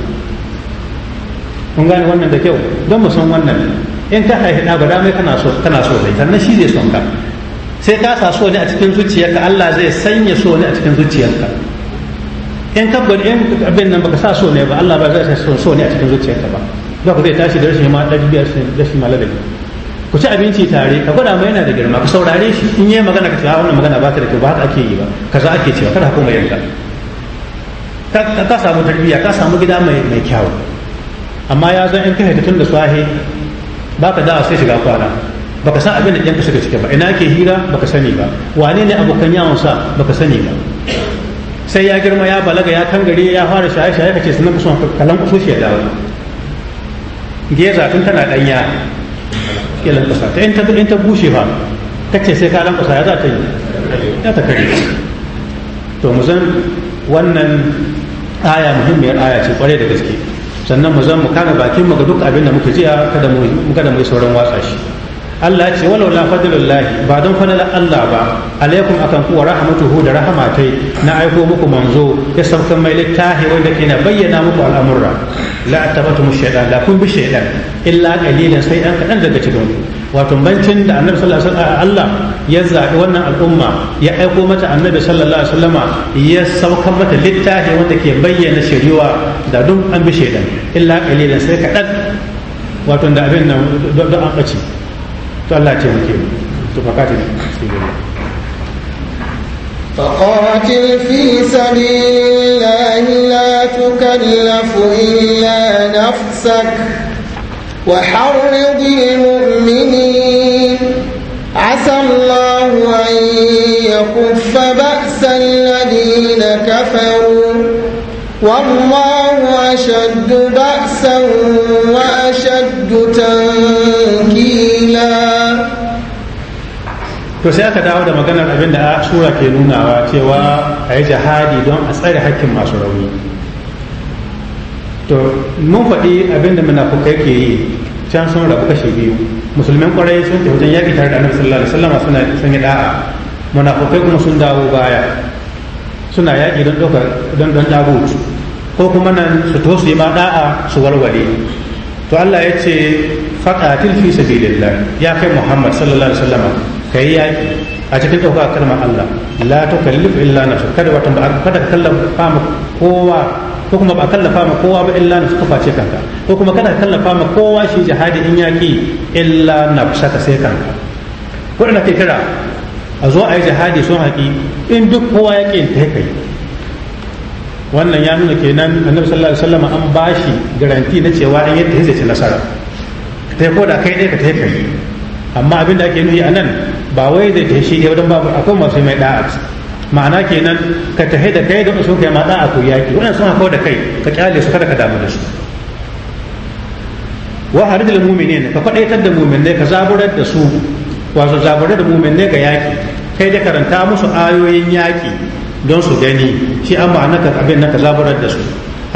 kun gane wannan da kyau don mu san wannan in ka haifi ɗa guda mai kana so kana so mai sannan shi zai son ka sai ka sa so ne a cikin zuciyarka Allah zai sanya so ne a cikin zuciyarka in ka bari in abin nan baka sa so ne ba Allah ba zai sa so ne a cikin zuciyarka ba za ku zai tashi da rashin ma ɗabi'ar rashin malalabi ku ci abinci tare ka gwada mai yana da girma ku saurare shi in yi magana ka ce ah, wannan magana ba ta da kyau ba haka ake yi ba kaza ake cewa kada kuma yanka ka samu tarbiyya ka samu gida mai kyau amma ya zan in ka haita tun da swahe baka da'a sai shiga kwana baka san abin da kasa suka cike ba ina ke hira baka sani ba wane ne abokan yawon sa baka sani ba sai ya girma ya balaga ya kangare ya fara shaye-shaye kace sunan kusan kalan kusa shi ya dawo geza tun tana ɗanya kilan kusa ta in ta in ta bushe fa kace sai kalan kusa ya za ta yi ya ta kare to mu zan wannan aya muhimmiyar aya ce kware da gaske sannan mu zan mu kame bakin mu ga duk abin da muka ji kada mu kada mu sauran watsa shi Allah ce walau la ba don fadlan Allah ba alaikum akan ku wa rahmatuhu da rahamatai na aiko muku manzo ya saukan mai littahi wanda ke na bayyana muku al'amurra la atabatum shaytan la kun bi shaytan illa qalilan sai an kadan daga cikin ku wato bancin da annabi sallallahu alaihi wasallam Allah ya zaɓi wannan al'umma ya aiko mata annabi sallallahu alaihi wasallama ya saukar mata littafi wanda ke bayyana shiriwa da duk an bi shaidan illa qalilan sai kaɗan wato da abin nan don an ɓace to Allah ce muke to fakati ne فقاتل في سبيل الله لا تكلف إلا نفسك وحرض المؤمنين عسى الله أن يكف بأس الذين كفروا والله أشد بأسا وأشد تنكيلا to sai aka dawo da maganar abin da sura ke nunawa cewa a yi jihadi don a tsare hakkin masu rauni to mun faɗi abin da munafukai ke yi can sun rabu kashe biyu musulmin kwarai sun tafi wajen yaƙi tare da annabi sallallahu alaihi wasallam suna sun yi da'a munafukai kuma sun dawo baya suna yaƙi don ɗaukar don don tabut ko kuma nan su to su yi ma da'a su warware to Allah ya ce faqatil fi sabilillah ya kai Muhammad sallallahu alaihi wasallam kai yaƙi a cikin ɗaukar kalmar Allah la tukallifu illa nafsa kada wata kada fama kowa ko kuma ba kallafa ma kowa ba illa na suka face kanka ko kuma kana kallafa ma kowa shi jihadi in yaki illa na kusa ka sai kanka ko ina ke kira a zo a yi jihadi sun haƙi in duk kowa ya ƙin ta kai wannan ya nuna kenan annabi sallallahu alaihi wasallam an bashi garanti na cewa in yadda zai ci nasara ta ko da kai ne ka ta kai amma abin da ake nuni a nan ba wai da ta shi wajen babu akwai masu mai da'a ma'ana kenan ka tahe da kai da sun kai ma da aku yaki wannan sun haƙo da kai ka kyale su kada ka damu da su wa haridul mu'minin ka kwadaitar da mu'minai ka zaburar da su wato zaburar da mu'minai ga yaki kai da karanta musu ayoyin yaki don su gani shi an ma'ana ka abin na ka zaburar da su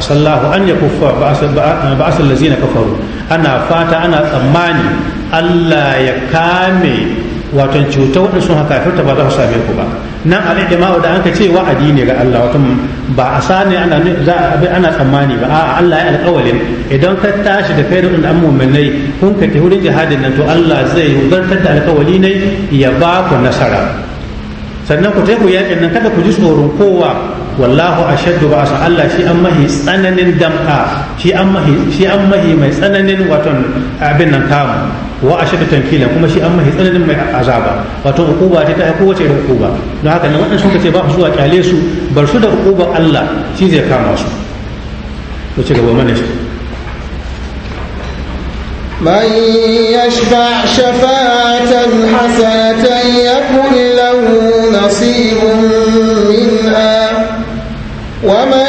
asallahu an yakuffa ba'asal lazina kafaru ana fata ana tsammani Allah ya kame wato cutar waɗansu haka ba za su same ku ba nan al'ijma'u da ka ce wa'adi ne ga Allah wato ba a sa ne ana tsammani ba a'a Allah ya alƙawalin idan ka tashi da kai da mu'minai kun ka tafi wurin jihadin nan to Allah zai zartar da alƙawali ne ya ba ku nasara sannan ku tafi yakin nan kada ku ji tsoron kowa wallahu a ashaddu ba su Allah shi an mahi tsananin dam'a shi an mahi mai tsananin waton abin nan kamu wa ashaddu tankila kuma shi an mahi tsananin mai azaba wato hukuma ta ta kowace irin hukuma don haka nan waɗansu suka ce ba su zuwa kyale su bar su da hukumar Allah shi zai kama su to ci gaba mana shi من يشفع شفاعة حسنة يكن له نصيب منها ومن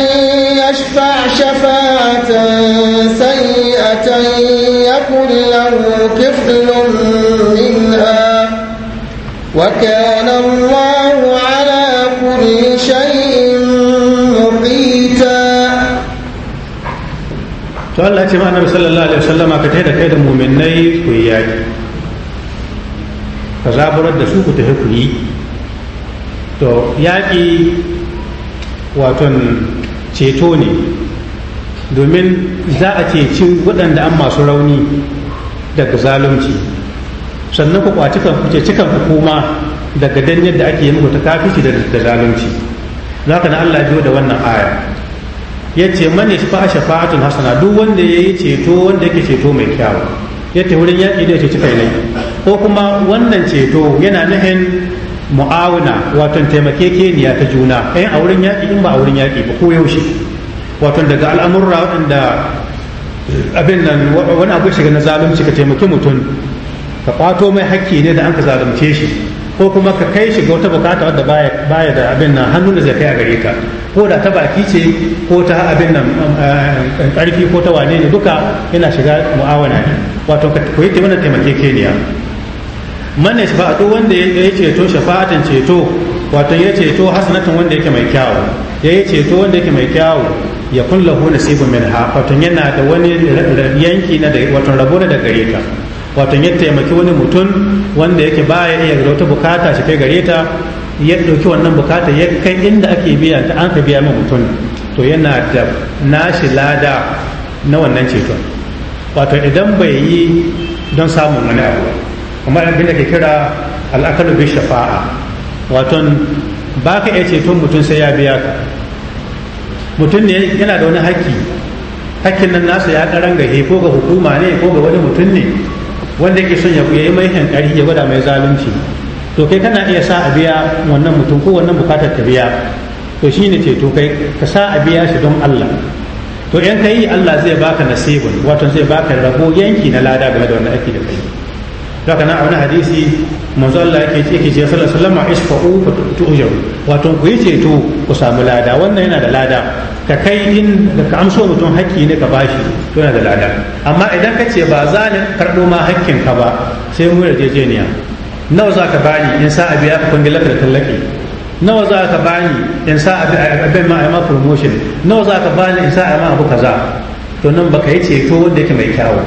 يشفع شفاعة سيئة يكن له كفل منها وكان الله على كل شيء مقيتا to Allah ce ma Annabi sallallahu alaihi wasallama ka taida da mu'minai ku yi ka su ku tafi to waton ceto ne domin za a ceci waɗanda an masu rauni daga zalunci sannan ku kwaci kan kuce cikan ku daga dan yadda ake yi muku ta kafici da da zalunci zaka na Allah biyo da wannan aya yace man yashfa shafa'atun hasana duk wanda yayi ceto wanda yake ceto mai kyau yace wurin yaki da yace cikai ne ko kuma wannan ceto yana nufin mu'awuna wato taimakekeniya ta juna ɗayan eh, a wurin yaƙi in ba a wurin yaƙi ba ko yaushe wato daga al'amurra waɗanda abin nan wani abu shiga na zalunci ka taimaki mutum ka kwato mai hakki ne da an ka zalunce shi ko kuma ka kai shi ga wata bukata wadda baya da abin nan hannu da zai kai a gare ka ko da ta baki ce ko ta abin nan eh, ƙarfi ko ta wane ne duka yana shiga mu'awana ne wato ka koyi wannan taimakekeniya man shafa'a duk wanda ya yi ceto shafa'atan ceto wato ya ceto hasanatan wanda yake mai kyawu ya yi ceto wanda yake mai kyawu ya kulla lahu sifu min ha wato yana da wani yanki na da wato rabo da gare ta wato ya taimaki wani mutum wanda yake baya iya da wata bukata shi kai gare ta ya ɗauki wannan bukata ya kai inda ake biya ta an ka biya min mutum to yana da nashi lada na wannan ceto wato idan bai yi don samun wani abu kamar abin da ke kira al'akalu bi shafa'a waton ba ka iya ceton mutum sai ya biya ka mutum ne yana da wani haƙƙi haƙƙin nan nasa ya ɗaran ga ko ga hukuma ne ko ga wani mutum ne wanda yake son ya yi mai hankali ya gwada mai zalunci to kai kana iya sa a biya wannan mutum ko wannan bukatar ta biya to shi ne ceto kai ka sa a biya shi don Allah to yan ka yi Allah zai baka nasibin wato zai baka rabo yanki na lada game da wannan aiki da kai zaka na nan hadisi manzo Allah yake ce yake ce sallallahu alaihi wasallam isfa'u fa tu'jaru wato ku ceto ku samu lada wannan yana da lada ka kai in ka amso mutum haƙƙi ne ka bashi to yana da lada amma idan ka ce ba za ni karɗo ma haƙƙin ka ba sai mu yarjejeniya nawa za ka bani in sa abiya ka kwangilar da tallaki nawa za ka bani in sa abin ma a ma promotion nawa za ka bani in sa a ma abu kaza to nan baka yi ceto wanda yake mai kyawu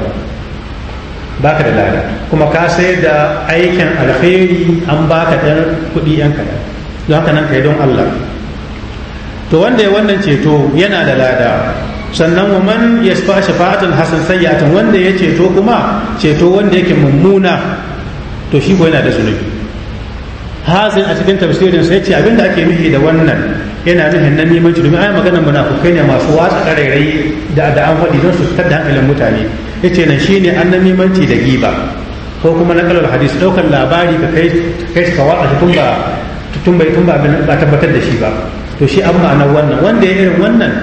baka da lada kuma ka sayar da aikin alheri an baka ɗan kuɗi yan kaɗan don haka nan kai don Allah to wanda ya wannan ceto yana da lada sannan wa man yasfa shafa'atul hasan sayyatan wanda ya ceto kuma ceto wanda yake mummuna to shi ko yana da zunubi hazin a cikin tafsirin sai ce abinda ake nufi da wannan yana nuhin nan neman domin ai magana munafukai ne masu watsa ƙarairai da da an faɗi don su fitar da hankalin mutane yace nan shine annamimanci da giba ko kuma na naqalul hadis daukan labari ka kai kai ka watsa tumba tumba tun bai ba tabbatar da shi ba to shi an ma'anar wannan wanda ya irin wannan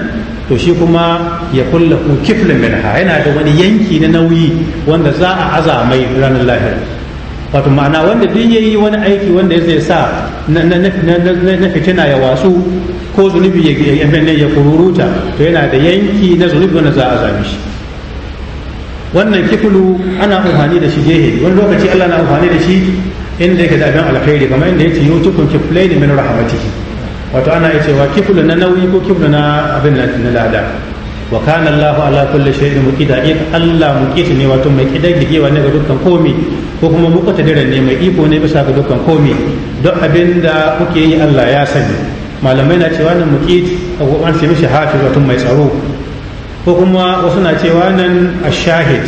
to shi kuma ya kulla ku kiflin minha yana da wani yanki na nauyi wanda za a azamai ranar lahira wato ma'ana wanda duk ya yi wani aiki wanda ya zai sa na fitina ya wasu ko zunubi ya kururuta to yana da yanki na zunubi wanda za a zame shi wannan kifulu ana amfani da shi jehe wani lokaci Allah na amfani da shi inda yake da abin alkhairi kamar inda yace yutukun kiflaini min rahmatihi wato ana yace cewa kifulu na nauyi ko kifulu na abin na lada wa kana Allah ala kulli shay'in muqita in Allah muqita ne wato mai kidar dige ga dukkan komi ko kuma muqtadiran ne mai iko ne bisa ga dukkan komi duk abinda kuke yi Allah ya sani malamai na cewa nan muqit ko an ce mishi hafi wato mai tsaro ko kuma wasu na cewa nan ashahid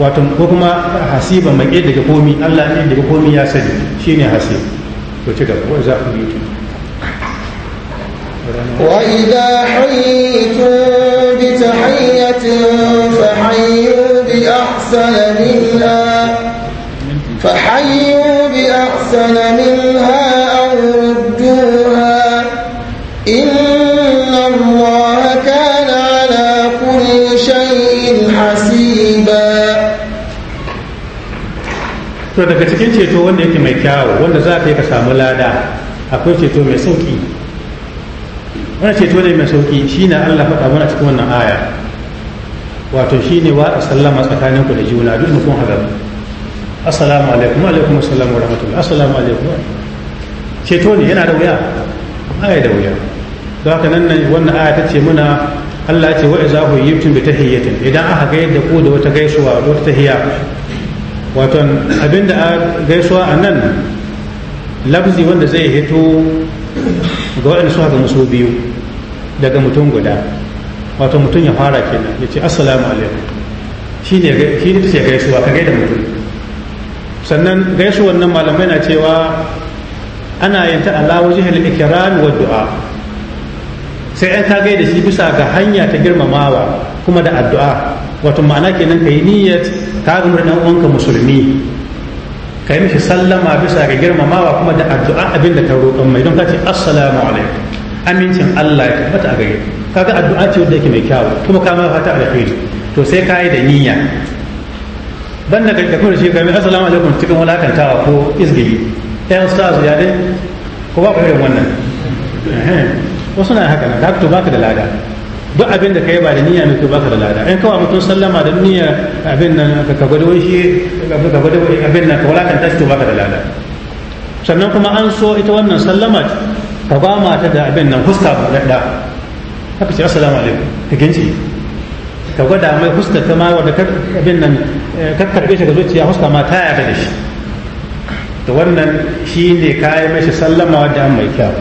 wato ko kuma hasiba mai daga komi allah ne daga komi ya sani shine hasib to ci gaba wa za ku yi tu وإذا حييتم بتحية فحيوا بأحسن منها فحيوا بأحسن منها to daga cikin ceto wanda yake mai kyawo wanda za ka yi ka samu lada akwai ceto mai sauki wani ceto ne mai sauki shi na allah faɗa mana cikin wannan aya wato shi ne a sallama tsakanin ku da juna duk nufin hagar assalamu alaikum alaikum assalamu wa rahmatullahi assalamu alaikum ceto ne yana da wuya aya da wuya don haka nan nan wannan aya ta ce muna allah ce wa'iza hu yibtum bi tahiyyatin idan aka ga yadda ku da wata gaisuwa wata tahiyya waton abinda a gaisuwa a nan labzi wanda zai hito ga waɗanda suka ga musu biyu daga mutum guda wato mutum ya fara kenan ya ce assalamu alaikum shi ne ce gaisuwa ka gaida mutum sannan gaisuwan nan malamai na cewa ana yin ta ala wajihil ikram wa du'a sai an ka gaida shi bisa ga hanya ta girmamawa kuma da addu'a wato ma'ana kenan ka yi niyyar ka gamar murna uwanka musulmi ka yi mishi sallama bisa ga girmamawa kuma da addu'a abin da ka roƙon mai don ka ce assalamu alaikum amincin Allah ya tabbata a gare ga addu'a ce wadda yake mai kyawu kuma ka ma fata alheri to sai ka yi da niyya ban da kai kuma shi kai assalamu alaikum cikin walakantawa ko izgili ɗayan ustazu ya dai ko ba ku irin wannan wasu na haka na da ba ka da lada duk abin da kai ba da niyya mai baka da lada in kawai mutum sallama da niyya abin nan ka gwada shi ka gwada abin nan ka wulakanta tashi to baka da lada sannan kuma an so ita wannan sallama ka ba mata da abin nan huska ba da haka ce assalamu alaikum ka ginci ka gwada mai huska ta ma wanda abin nan kakkarbe eh, shi ga zuciya huska ma ta yarda da shi to wannan shi ne kayan mashi sallama wadda an mai kyau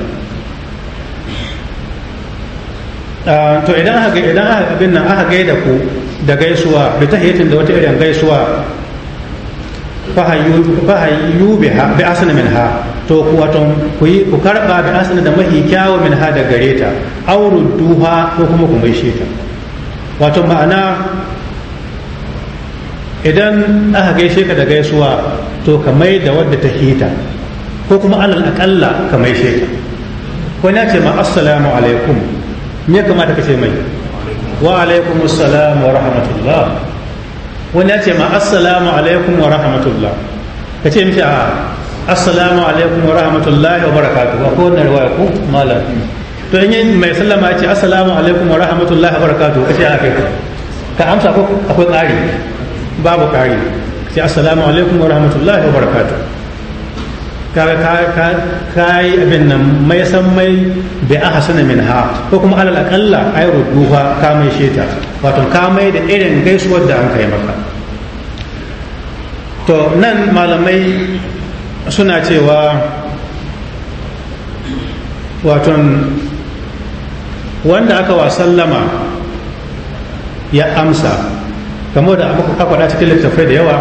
Ah, to idan aka idan aka abin nan aka gaida ku da gaisuwa bi tahiyatin da wata irin gaisuwa fahayyu biha bi asna minha to ku wato ku yi ku karba bi asna da mahi kyawu minha da gareta, awru duha ko kuma ku maishe ta wato ma'ana idan aka gaishe ka da gaisuwa to ka mai da wadda ta hita ko kuma alal aqalla ka maishe ta ko na ce ma assalamu alaikum me kamata ka ce mai wa alaikum assalam wa rahmatullah wani ya ce ma assalamu alaikum wa rahmatullah ka ce mishi a assalamu alaikum wa rahmatullah wa barakatuh ko wannan riwaya ko malam to in mai sallama ya ce assalamu alaikum wa rahmatullah wa barakatuh ka ce a kai ka amsa ko akwai ƙari babu ƙari sai assalamu alaikum wa rahmatullah wa barakatuh ka kai abin nan mai san mai bai aka sana min ha ko kuma alal akalla ai rubuha ka mai sheta wato ka mai da irin gaisuwar da an kai maka to nan malamai suna cewa wato wanda aka wa sallama ya amsa kamar da aka faɗa cikin littattafai da yawa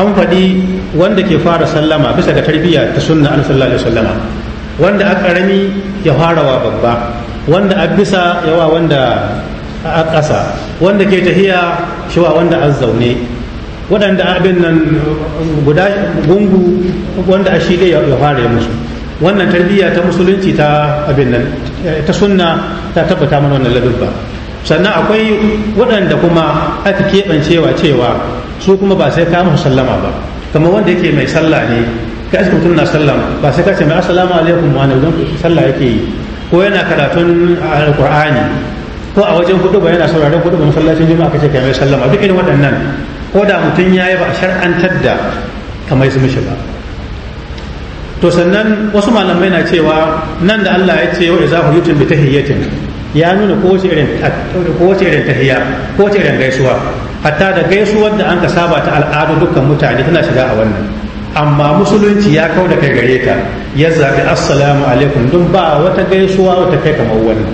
an faɗi wanda ke fara sallama bisa ga tarbiyya ta sunna an sallallahu alaihi wasallama wanda a karami ya fara wa babba wanda a bisa yawa wanda a ƙasa wanda ke tahiya shiwa wanda an zaune waɗanda abin nan guda gungu wanda a shi ya fara ya musu wannan tarbiyya ta musulunci ta abin nan ta sunna ta tabbata mana wannan ladubba sannan akwai waɗanda kuma aka keɓancewa cewa su kuma ba sai kama sallama ba kamar wanda yake mai sallah ne ka iska mutum na sallah ba sai ka mai assalamu alaikum wa don sallah yake yi ko yana karatun alqur'ani ko a wajen hudu ba yana sauraron hudu ba masallacin juma'a kace kai mai sallama duk irin waɗannan ko da mutum yayi ba a shar'antar da kamar su mishi ba to sannan wasu malamai na cewa nan da Allah ya ce wa za hujjatin bi tahiyyatin ya nuna ko wace irin ko wace irin tahiyya ko wace irin gaisuwa hatta da gaisuwar da an ka saba ta al'adu dukkan mutane tana shiga a wannan amma musulunci ya kau da kai gare ta ya zaɓi assalamu alaikum don ba wata gaisuwa wata kai kamar wannan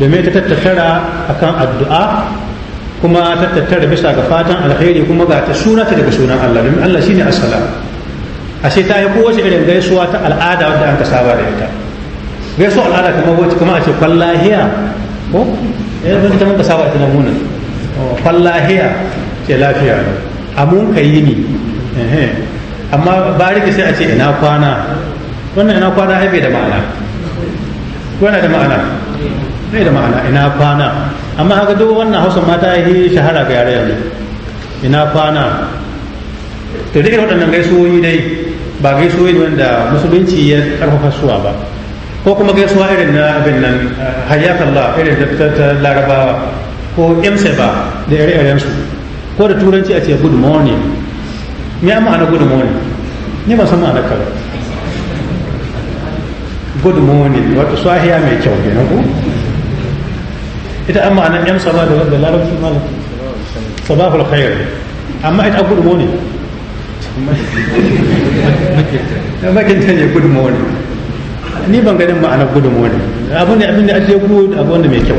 domin ta tattara akan addu'a kuma ta tattara bisa ga fatan alheri kuma ga ta suna ta daga sunan Allah domin Allah shine assalam ashe ta yi kowace irin gaisuwa ta al'ada wadda an ka saba da ita gaisuwa al'ada kamar wacce kamar a ce kwallahiya ko ya eh, zama ta saba ita na munan fallahiya ce lafiya a mun ka yi ni amma bariki sai a ce ina kwana wannan ina kwana ai da ma'ana yana da ma'ana bai da ma'ana ina kwana amma haka duk wannan hausa mata yi shahara ga yare yanzu ina kwana to duk waɗannan gaisuwoyi dai ba gaisuwoyi da musulunci ya karfafa suwa ba ko kuma gaisuwa irin na abin nan hayyakallah irin ta larabawa ko ba da yare iren su ko da turanci a ce good morning ni amma ana good morning ni ba san ma'ana ka ba good morning wato sahiya mai kyau ne ko ita amma ana emsa ba da larabci malam sabahul khair amma ita good morning makin ta ne good morning ni ban ganin ma'ana good morning abin da abin da ake good abu wanda mai kyau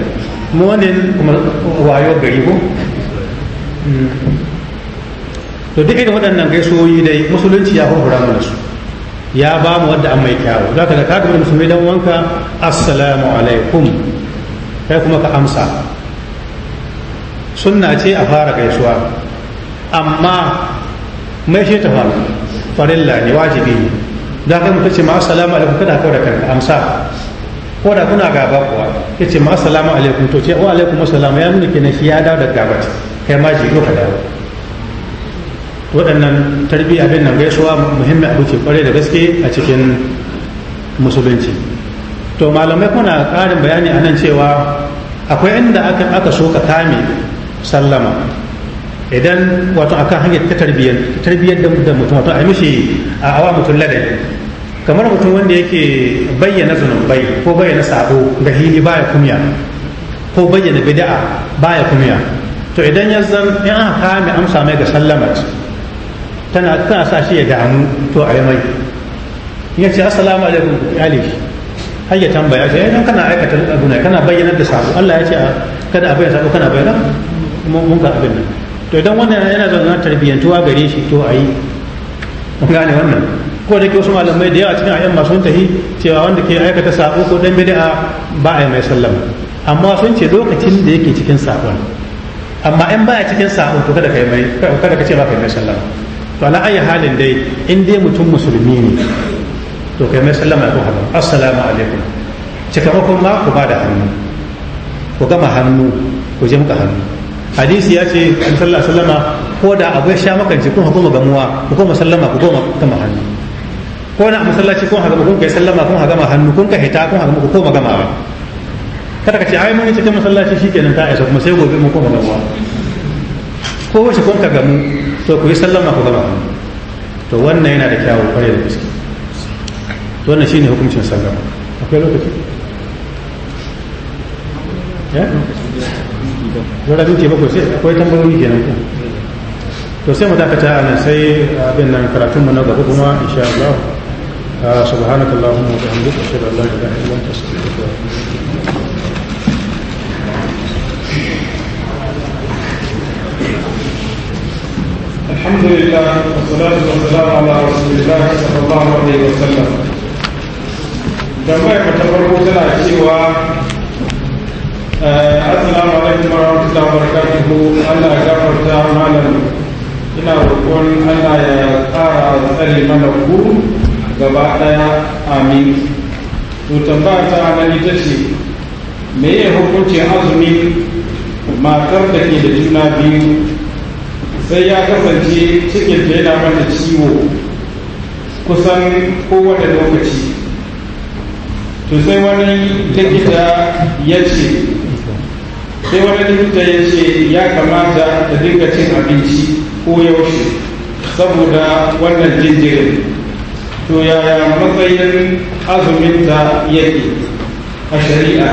mu wannan kuma wayo gari ko hmm. to duk irin waɗannan gaisoyi dai musulunci ya hukura mana su ya ba mu wadda an mai kyawu za ka da ka gaba musulmai dan wanka assalamu alaikum kai kuma ka amsa sunna ce a fara gaisuwa amma mai shi ta faru farilla ne wajibi ne za ka mutu ce ma assalamu alaikum kada kawai da kanka amsa ko da kuna gaba kuwa ya ce ma alaikum to ce wa alaikum assalam ya nuna kenan shi ya dawo da gabat kai ma jiyo ka dawo waɗannan tarbiyya abin nan gaisuwa muhimmin abu ce kwarai da gaske a cikin musulunci to malamai kuna ƙarin bayani a nan cewa akwai inda aka so ka kame sallama idan wato akan hanyar ta tarbiyyar da mutum wato a mishi a awa mutum ladabi kamar mutum wanda yake bayyana zunubai ko bayyana sabo ga hili baya kumya ko bayyana bid'a baya kumya to idan ya zan in aka kame amsa mai ga sallamat tana tana sa shi ya damu to a yi mai ya ce assalamu alaikum alifi har ya tambaya ce eh, idan kana aikata abu ne kana bayyana da sabo Allah ya ce ah, kada a bayyana sabo kana bayyana mun ga abin nan to idan wannan yana zan tarbiyyantuwa gare shi to ayi ko gane wannan ko da ke wasu malamai da yawa cikin ayyan masu tahi cewa wanda ke aikata sako ko dan bid'a ba a mai sallama amma sun ce lokacin da yake cikin sakon amma in baya cikin sakon to kada kai mai kada ka ce ba kai mai sallama to ala ayi halin dai in dai mutum musulmi ne to kai mai sallama ko haram assalamu alaikum cikamakon ma ku bada hannu ku gama hannu ku je muka hannu hadisi ya ce sallallahu alaihi wasallama ko da abu ya sha makanci kun hukuma gamuwa ku koma sallama ku koma kama hannu ko na masallaci kun haga kun kai sallama kun haga ma hannu kun ka hita kun haga ku koma ba kada ka ce ai mun cikin masallaci shikenan ta isa kuma sai gobe mun koma gamawa ko wace kun ka gamu to ku yi sallama ku gama hannu to wannan yana da kyawu kware da gaske to wannan shine hukuncin sallama akwai lokaci ya zara minti ko sai akwai tambayoyi kenan ku to sai mu dakata a nan sai abin nan mu na gaba kuma insha Allah آه، سبحانك اللهم وبحمدك اشهد ان لا اله الا انت استغفرك الحمد لله والصلاه والسلام على رسول الله صلى الله عليه وسلم جمعي فتبرك سنة سيوى السلام عليكم ورحمة الله وبركاته ألا أكبر تعمالا إلى أقول ألا يا أسألي من أقول gaba ɗaya amin to tambaya ta nan ita ce me ya hukunci azumi matar da ke da juna biyu sai ya kasance cikin da yana mata ciwo kusan kowane lokaci to sai wani likita ya ce sai wani likita ya ce ya kamata da dinga cin abinci ko yaushe saboda wannan jinjirin to yaya matsayin azumin ta yake a shari'a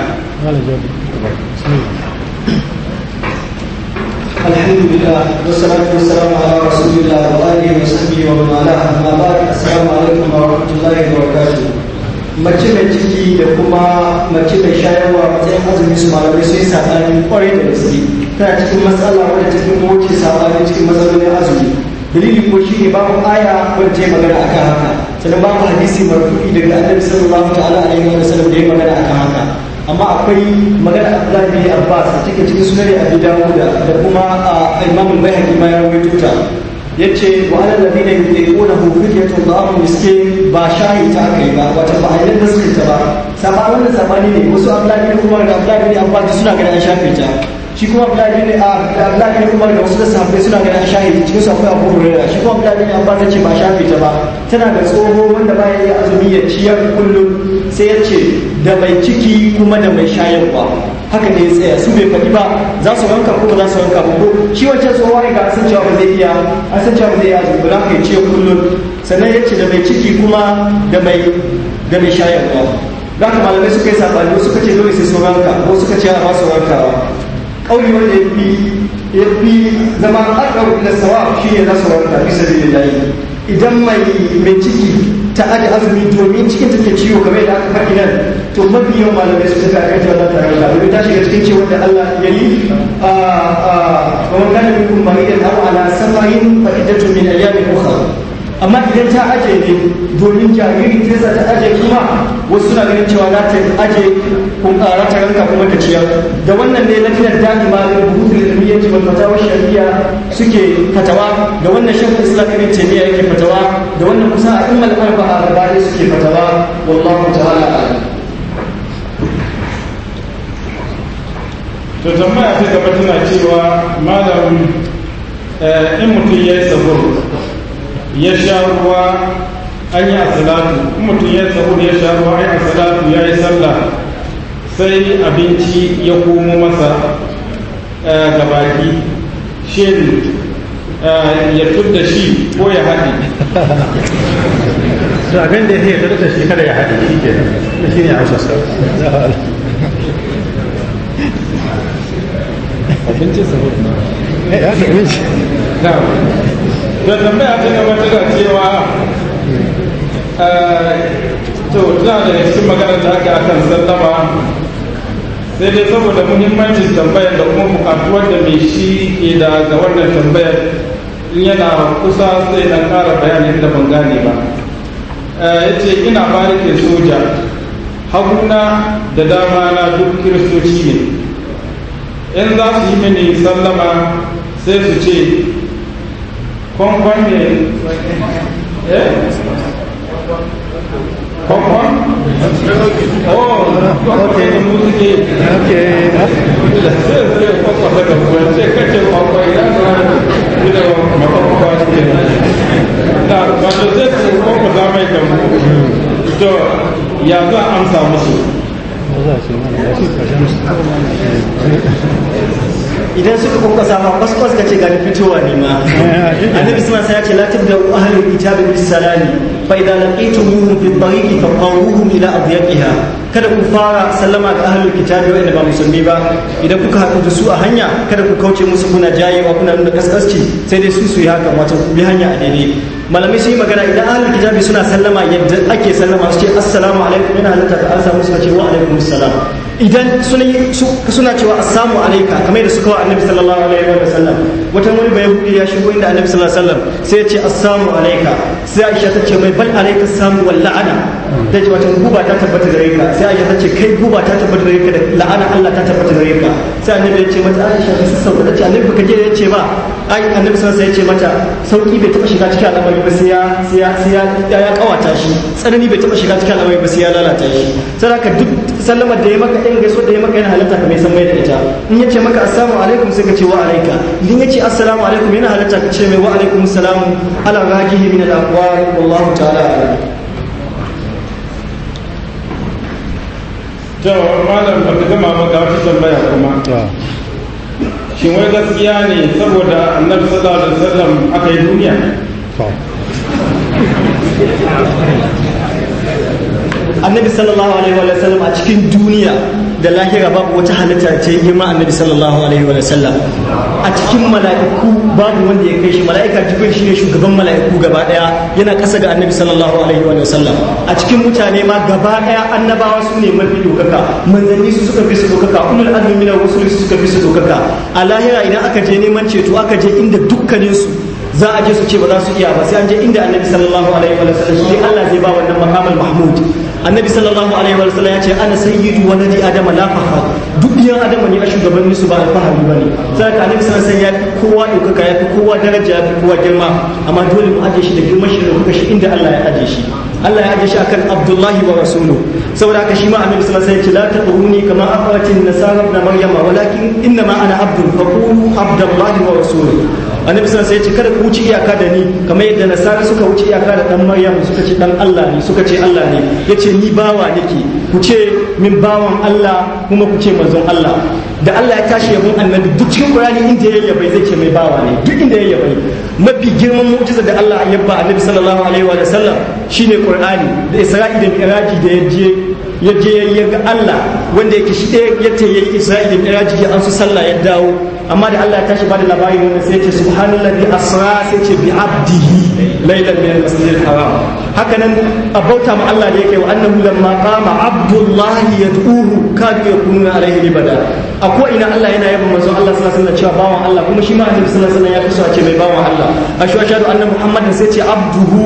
الحمد mace mai ciki da kuma mace mai shayarwa matsayin azumi su malamai sun saɓani kwarai da gaske tana cikin matsala wadda cikin wuce saɓani cikin matsalolin azumi dalilin ko shi ne babu aya wacce magana akan haka sannan babu hadisi marfu'i daga annabi sallallahu ta'ala alaihi wa sallam da ya magana kan haka amma akwai magana Abdullahi bin Abbas da take cikin sunan Abu Dawud da kuma Imam al bayhaqi ma ya rawaito ta yace wa alal ladina hu fidyatu ta'am miskin ba shayi ta kai ba wata ba ayyukan da suke ta ba sabanin da ne wasu Abdullahi bin Umar da Abdullahi bin Abbas suna ga an shafe ta shi kuma ne a ah, da abdullahi kuma umar da wasu da safe suna ganin shahi cikin su a kuma shi kuma an ba ta ce ba shafi ta ba tana da tsoho wanda ba ya iya azumi ya ciyar kullum sai ya ce da mai ciki kuma da mai shayarwa haka ne ya tsaya su bai faɗi ba za su wanka ko za su wanka ko shi wancan tsoho ne ga san cewa ba zai iya an san cewa ba zai iya azumi ba haka ya ce kullum sannan ya ce da mai ciki kuma da mai da mai shayarwa za ka malamai suka yi saɓani suka ce dole sai su ranka ko suka ce a ba su kauli wanda ya fi ya fi zama akaru ila sawab shine na saurata bisa lillahi idan mai mai ciki ta aje azumi domin cikin ta ke ciwo kamar yadda aka faɗi nan to mafi yawan malamai su suka kai ta ta rauta domin ta shiga cikin ciwon da Allah ya yi a a wa kana minkum maridan aw ala safarin fa min ayyamin ukhra amma idan ta aje ne domin jariri ta sa ta aje kuma wasu suna ganin cewa za ta aje kun ƙara ta ranka kuma ta ciyar da wannan ne lafiyar da'ima da rubutu da ilmiyyar wal fatawa shari'a suke fatawa da wannan shafin islam ce ne yake fatawa da wannan kusa a immal a da suke fatawa wallahu ta'ala a'lam to tambaya ta gaba tana cewa malam eh, in mutum ya yi sahur ya sha ruwa an yi asalatu mutum ya tsaho ya sha ruwa an yi asalatu ya yi sallah sai abinci ya komo masa eh, ga baki shin eh, ya tudda shi ko ya haɗi su abin da ya tudda shi kada ya haɗi shi ke shi ne hausa sau abincin sabon na ya abinci da tambaya ta gaba ga cewa eh, to tana da cikin magana da aka akan sallama sai dai saboda muhimmancin tambayar da kuma bukatuwar da mai shi ke da ga wannan tambayar in yana kusa sai na kara bayanin da ban gane ba eh, ya ce ina ke soja haguna da dama na duk kiristoci ne in za su yi mini sallama sai su ce kɔnkɔn de eh? ɛ kɔnkɔn oh ok ok se ya idan suka kuka sama kwaskwas ka ce ga fitowa ne ma annabi suna sai ya ce latin da ahalin kitabi bisalani فإذا لقيتموهم في الطريق فقوموهم إلى أضيقها kada ku fara sallama ga ahlul kitabi wa'anda ba musulmi ba idan kuka haɗu da su a hanya kada ku kauce musu kuna jayewa kuna nuna kasasci sai dai su su yi haka wato bi hanya a daidai malamai sun yi magana idan ahlul kitabi suna sallama yadda ake sallama su ce assalamu alaikum yana halatta da an samu suka ce wa alaikum assalam idan suna cewa assalamu alaika kamar da suka wa annabi sallallahu alaihi wa sallam wata wani bai ya shigo inda annabi sallallahu alaihi wa sallam sai ya ce assalamu alaika sai Aisha ta ce mai bal alayka samu wa la'ana da ji wata guba ta tabbata gare ka sai Aisha ta ce kai guba ta tabbata gare ka da la'ana Allah ta tabbata gare ka sai annabi ya ce mata Aisha ka sassa da ce annabi baka je ya ce ba ai annabi sallallahu alaihi ya ce mata sauki bai taba shiga cikin al'amari ba sai ya sai ya ya kawata shi tsanani bai taba shiga cikin al'amari ba sai ya lalata shi sai ka duk sallama da ya maka in gaisuwa da ya maka yana halatta ka mai san mai da ita in ya ce maka assalamu alaikum sai ka ce wa alaika in ya ce assalamu alaikum yana halatta ka ce mai wa alaikum salamu ala rakihi min al-aqwal wallahu ta'ala ta'ala malam ba ka ba ga tambaya kuma shin wai gaskiya ne saboda annabi sallallahu alaihi wasallam aka yi duniya annabi sallallahu alaihi wa sallam a cikin duniya da lahira babu wata halitta ce girma annabi sallallahu alaihi wa sallam a cikin mala'iku babu wanda ya kai shi mala'ika jibril shine shugaban mala'iku gaba daya yana kasa ga annabi sallallahu alaihi wa sallam a cikin mutane ma gaba daya annabawa su ne mafi dokaka manzanni su suka fi su dokaka ummul azmi min rusul su suka fi su dokaka a lahira idan aka je neman ceto aka je inda dukkanin su za a je su ce ba za su iya ba sai an je inda annabi sallallahu alaihi wa sallam shi Allah zai ba wannan makamul mahmud annabi sallallahu alaihi wa sallam ya ce ana sayyidu nadi adama la fahar duk yan adama ne a shugaban su ba alfahari bane sai ka annabi sallallahu alaihi ya fi kowa dukaka ya fi kowa daraja ya fi kowa girma amma dole mu aje shi da girman shi da kuka shi inda Allah ya aje shi Allah ya aje shi akan Abdullahi wa rasulu saboda ka shi ma annabi sallallahu alaihi wasallam ya ce la taquluni kama afatin nasara ibn maryama walakin inna ma ana abdul faqulu abdullahi wa rasulu annabi sun sai ce kada ku wuce iyaka da ni kamar yadda nasara suka wuce iyaka da dan maryam suka ce dan Allah ne suka ce Allah ne yace ni bawa nake ku ce min bawan Allah kuma ku ce manzon Allah da Allah ya tashi yabon annabi duk cikin Qur'ani inda ya yabai zai ce mai bawa ne duk inda ya yabai mafi girman mu'jiza da Allah ya ba annabi sallallahu alaihi wa sallam shine Qur'ani da Isra'i da Mi'raji da yaje yaje ya ga Allah wanda yake shi ya ta yayi Isra'i da Mi'raji ya an su sallah ya dawo amma da Allah ya tashi ba da labari wannan sai ce subhanallazi asra sai ce bi abdihi laylan min al-masjidil haram haka nan abauta ma Allah da yake wa annahu lamma qama abdullahi yad'uhu kadu yakununa alaihi libada ko ina Allah yana yaba manzon Allah sallallahu alaihi wasallam cewa bawan Allah kuma shi ma annabi sallallahu alaihi wasallam ya kaso a ce mai bawan Allah ashu ashhadu anna muhammadan sai ce abduhu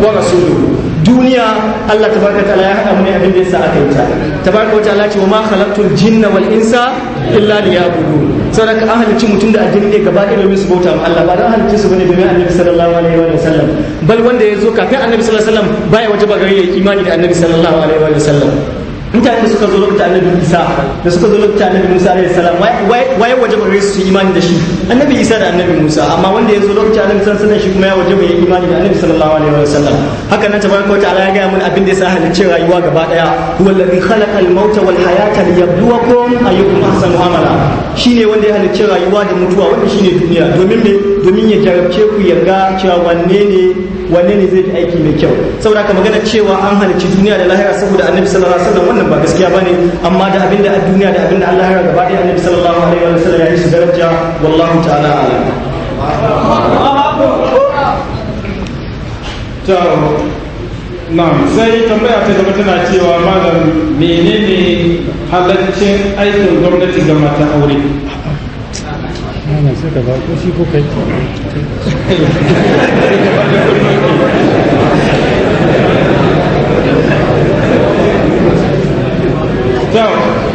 wa rasuluhu duniya Allah tabaraka ta'ala ya hada mu ne abin da yasa aka yi ta tabaraka wa ta'ala ce wa ma khalaqtul jinna wal insa illa liya'budun saboda ka an halicci mutum da aljini ne gaba ɗaya domin su bauta ma Allah ba dan halicci su bane domin annabi sallallahu alaihi wa sallam bal wanda ya zo kafin annabi sallallahu alaihi wa sallam baya wata bagari ya imani da annabi sallallahu alaihi wa sallam mutane suka zo lokacin annabi isa da suka zo lokacin annabi musa alaihi salam waye waje ba su yi imani da shi annabi isa da annabi musa amma wanda ya zo lokacin annabi san alaihi shi kuma ya waje bai imani da annabi sallallahu alaihi sallam haka nan tabaraka wa ta'ala ya ga mun abin da yasa halicce rayuwa gaba daya huwa alladhi khalaqal mauta wal hayata liyabluwakum ayyukum ahsanu amala shine wanda ya halicce rayuwa da mutuwa wanda shine duniya domin me domin ya jarabce ku ya ga cewa wanne ne wanne ne zai fi aiki mai kyau saboda ka magana cewa an halicci duniya da lahira saboda annabi sallallahu alaihi wasallam wannan ba gaskiya bane amma da abin da duniya da abin da Allah ya gaba da annabi sallallahu alaihi wasallam ya yi su daraja wallahu ta'ala alim ta na'am sai tambaya ta gaba tana cewa malam menene halaccin aikin gwamnati ga mata aure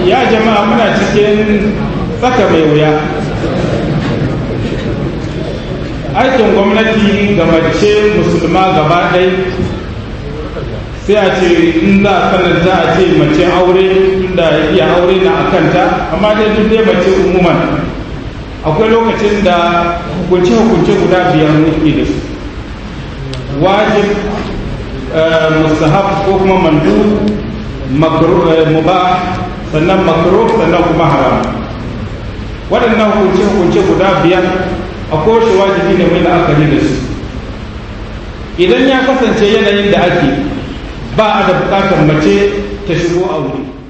ya jama'a muna cikin saka mai wuya aikin gwamnati ga mace musulma gaba ɗai sai a ce in za a kanar za a ce mace aure inda iya aure na akanta amma dai duk dai mace akwai lokacin da hukunce-hukunce guda biyar muke da su wajib eh, musahab ko kuma mandu eh, mubah sannan makaro sannan kuma haram waɗannan hukunce-hukunce guda biyar a kowace wajibi ne mai la'akari da su idan ya kasance yanayin da ake ba a da bukatar mace ta shigo a wuri